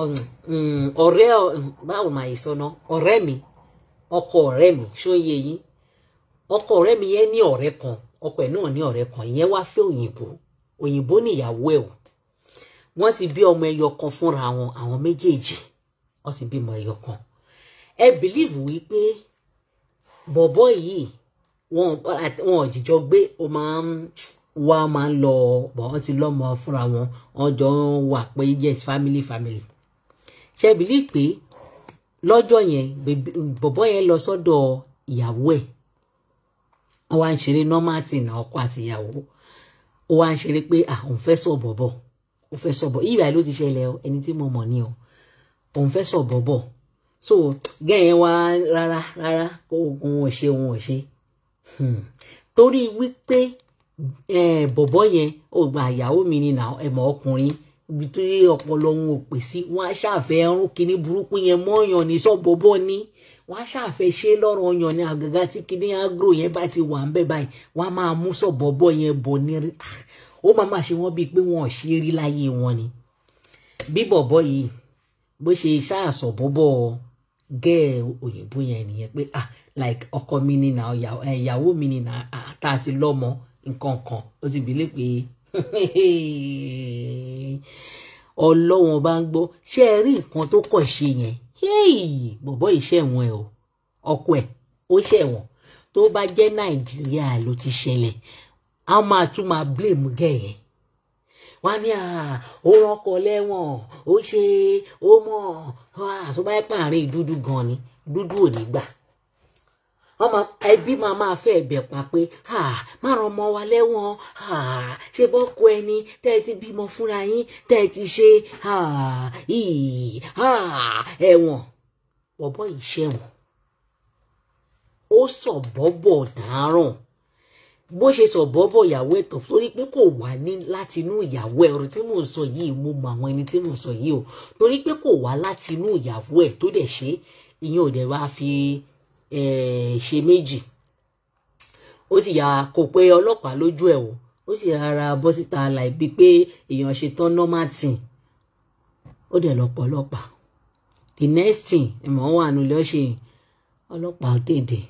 um, um, ọ̀rẹ́ um, báwo máa yìí sọ́nà ọ̀rẹ́ mi ọkọ ọ̀rẹ́ mi ṣó yé yín ọkọ ọ̀rẹ́ mi yẹn ní ọ̀rẹ́ kan ọkọ ẹ̀ náà ní ọ̀rẹ́ kan ìyẹn wá fẹ́ òyìnbó òyìnbó níyàwó ẹ̀ wọ́n ti bí ọmọ ẹyọ kan fúnra wọn àwọn méjèèjì wọ́n ti bímọ ẹyọ kan ẹ bìlíìfù wípé bọ̀bọ̀ yìí wọn wọn ò jìjọ gbé ó máa ń wá máa ń lọ bọ̀ ọ́ ti lọ́mọ fúnra wọn wọn jọ ń wà pé yes family family ṣe bìlíì pé lọ́jọ́ yẹn bọ̀bọ̀ yẹn lọ sọ́dọ̀ ìyàwó ẹ̀ wọ́n wá ń ṣeré nọ́màtì náà ọkọ àti ìyàwó ó wá ń ṣeré pé òun fẹ́ sọ bọ̀bọ̀ òun fẹ́ sọ bọ̀ ìyá ló ti ṣẹlẹ̀ ẹni tí mo mọ̀ ni o òun fẹ́ sọ bọ̀bọ̀ so gẹ́yẹn wá rárá rárá oògùn ò ṣe òun ò ṣe hmm. torí wípé bọ̀bọ̀ yẹn ó gba mi ni nà ẹ̀mọ́ ọkùnrin ibi tó òun ò pè sí wọn á ṣàfẹ́ ẹrún kinní burúkú yẹn mọ́ọ̀yàn ní sọ́bọ̀bọ̀ ni wọn á ṣàfẹ́ ṣe lọ́rọ̀ ọyàn ní àgàgà tí kinní agro yẹn bá ti wà ń bẹ̀ báyìí wọn á máa mú sọ́bọ̀bọ̀ yẹn bọ̀ ní ah, ó máa máa ṣe wọ́n bíi pé wọn ò ṣe rí láyé wọn ni bí bọ̀bọ̀ yìí bó ṣe ṣáàsọ̀ bọ́bọ̀ ọ́ gẹ́ẹ̀ òyìnbó yẹn nìyẹn pé ah like ọkọ mi ni na ìyàwó eh, mi ni na ah, tá a ti lọ́mọ nǹkan kan ó sì bí lè pé *laughs* ọlọ́wọ́n bá ń gbọ́ ṣé ẹ rí nǹkan tó kọ̀ ṣe yẹn bọ̀bọ́ iṣẹ́ wọn ẹ o ọkọ ẹ̀ ó ṣẹ̀ wọ̀n tó bá jẹ́ nàìjíríà ló ti ṣẹlẹ̀ a máa tún máa blame gẹ̀ yẹn wọ́n á ní à ó rọ́kọ lẹ́wọ̀n ó ṣe ó mọ̀ tó bá yẹ pààrin dúdú gan ni dúdú ò ní gbà ọmọ ẹbí máa máa fẹ́ ẹ̀bẹ̀ pa pé má ràn ọmọ wa lẹ́wọ̀n ṣe bọ́kọ ẹni tẹ́ ẹ ti bímọ fúnra yín tẹ́ ẹ ti ṣe ẹ̀wọ̀n ọ̀bọ ìṣẹ̀wọ̀n ó sọ bọ́bọ̀ dáràn bó ṣe sọ bọ́bọ̀ ìyàwó ẹ̀tàn torí pé kò wá ní láti inú ìyàwó ẹ̀ ọ̀rọ̀ tí mò ń sọ yìí mo mọ àwọn ẹni tí mò ń sọ yìí o torí pé kò wá láti inú ìyàwó ẹ̀ tó dẹ̀ ṣe ìyẹn ò dẹ̀ wá fi ṣe méjì ó sì yà kó pé ọlọ́pàá lójú ẹ̀ o ó sì yàrá bọ́ síta láìbí pé èèyàn ṣe tán normal ó dẹ̀ lọ pọ̀ ọlọ́pàá the next thing ìmọ̀ wà nílẹ̀ ọ̀ṣẹ̀ ọlọ́pàá déédéé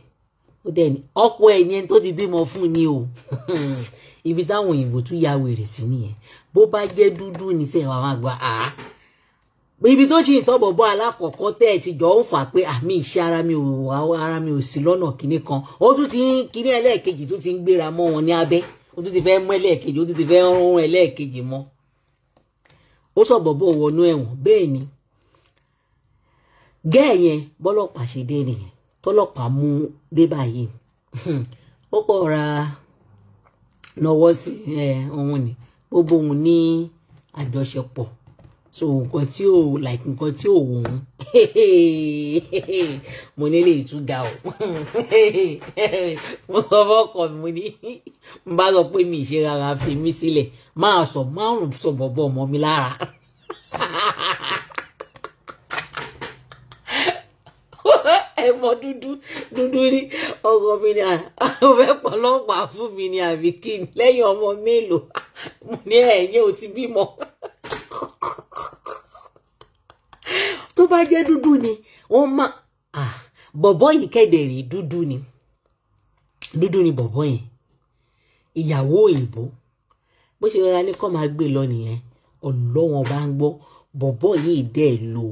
ó dẹ̀ ní ọkọ ẹ̀ yẹn tó ti bímọ fún ni o *laughs* ibi táwọn òyìnbó tún ya wèrè sí nìyẹn bó bá jẹ́ dúdú ní sẹ́yìn wàá máa gba àá ibi tó ṣì ń sọ bọ̀bọ̀ alákọ̀ọ́kọ́ tẹ́ ẹ ti jọ ń fà pé àmì ìṣe ara mi ò ara mi ò sí lọ́nà kinní kan ó tún ti ń kinní ẹlẹ́ẹ̀kejì tó ti ń gbéra mọ́ wọn ní abẹ́ ó tún ti fẹ́ mú ẹlẹ́ẹ̀kejì ó tún ti fẹ́ rún ẹlẹ́ẹ̀kejì mọ́ ó sọ bọ̀bọ̀ wọnú ẹ̀wọ̀n bẹ́ẹ̀ ni gẹ́ẹ̀ yẹn bọ́lọ́pàá ṣe dé nìyẹn tọ́lọ́pàá mú dé báyìí ó kọ̀ ra nọwọ́ sí ọ̀hún ni gbogbo òun ní àjọṣepọ̀ so nǹkan tí ò like nǹkan tí ò wò ó *laughs* mo nílé ìtúga o *laughs* mo sọ fọkọ mi ní n bá sọ pé mi ìṣe rárá fi mí sílẹ̀ máa sọ márùn sọ bọbọ ọmọ mi lára *laughs* ẹmọ dúdú dúdú rí ọkọ mi ni ọfẹ pọlọpàá fún mi ni àbí kí ni lẹ́yìn ọmọ mélòó mo ní ẹ̀yìn ò ti bímọ tó bá jẹ́ dúdú ni wọ́n má bọ̀bọ̀ yìí kẹ́dẹ̀ rí dúdú ni dúdú ni bọ̀bọ̀ yẹn ìyàwó òyìnbó bó ṣe rọra ní kọ́ máa gbé lọ nìyẹn ọlọ́wọ́n bá ń gbọ́ bọ̀bọ̀ yìí dẹ̀ lo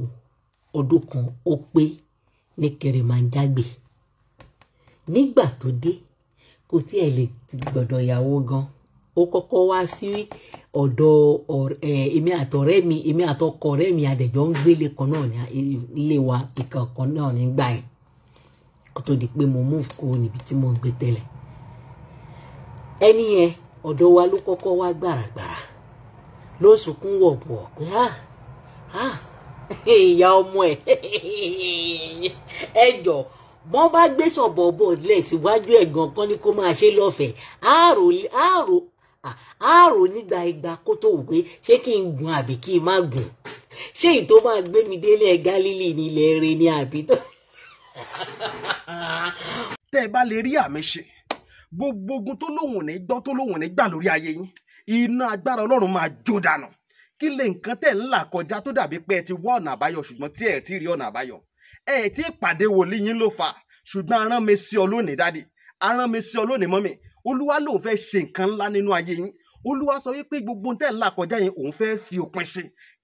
ọdún kan ó pé ní kẹrìmàjágbè nígbà tó dé kò tí ẹ lè gbọ́dọ̀ ìyàwó gan ó kọ́kọ́ wá sí ọ̀dọ̀ èmi àtọ̀rẹ́ mi èmi àtọkọ ọ̀rẹ́ mi àdẹ̀jọ́ ń gbélé kan náà ní ilé wa ìkan kan náà nígbà yẹn kó tó di pé mo move kúrò níbi tí mo ń gbé tẹ́lẹ̀ ẹni yẹn ọ̀dọ̀ wa ló kọ́kọ́ wá gbàràgbàrà ló sunkún wọ̀bọ̀ pé ah ah ìyá ọmọ ẹ ẹ jọ bọ́n bá gbé sọ̀bọ̀bọ̀ lẹ̀ síwájú ẹ̀gàn kan ni kó máa ṣe lọ́fẹ̀ẹ́ àárò àárò àárò nígbà igba kó tó wù pé ṣé kí n gun àbí kí n má gun ṣé èyí tó máa gbé mi délé Gálílì ní ilẹ̀ rẹ ni àbí tó. tẹ́ ẹ bá lè rí àmì ṣe gbogbo ogun tó lóun ò ní gbọ́ tó lóun ò ní gbà lórí ayé yín iná agbára Ọlọ́run máa jó dànù kí lè nǹkan tẹ̀ ń là kọjá tó dàbí pé ẹ ti wá ọ̀nà àbáyọ ṣùgbọ́n tí ẹ ti rí ọ̀nà àbáyọ ẹ ti pàdé wòlíì yín ló fà ṣùgbọ́n arán mi sí ọ lónìí dádì arán mi sí ọ lónìí mọ́mì olúwa lòun fẹ́ ṣe nǹkan ńlá nínú ayé yín olúwa sọ wípé gbogbo tẹ̀ ń kọjá yẹn òun fẹ́ fi òpin sí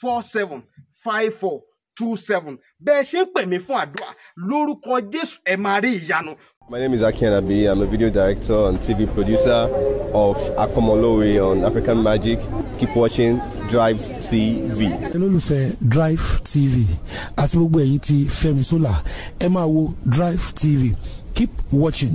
four seven five four two seven bẹ́ẹ̀ ṣe ń pè mí fún àdúrà lórúkọ Jésù ẹ máa rí ìyanu. My name is Aki Anabi. I'm a video director and TV producer of Akomolowe on African Magic. Keep watching Drive TV. Olólùfẹ́ Drive TV àti gbogbo ẹ̀yin tí Fẹ́mi Sola ẹ máa wo Drive TV. Keep watching.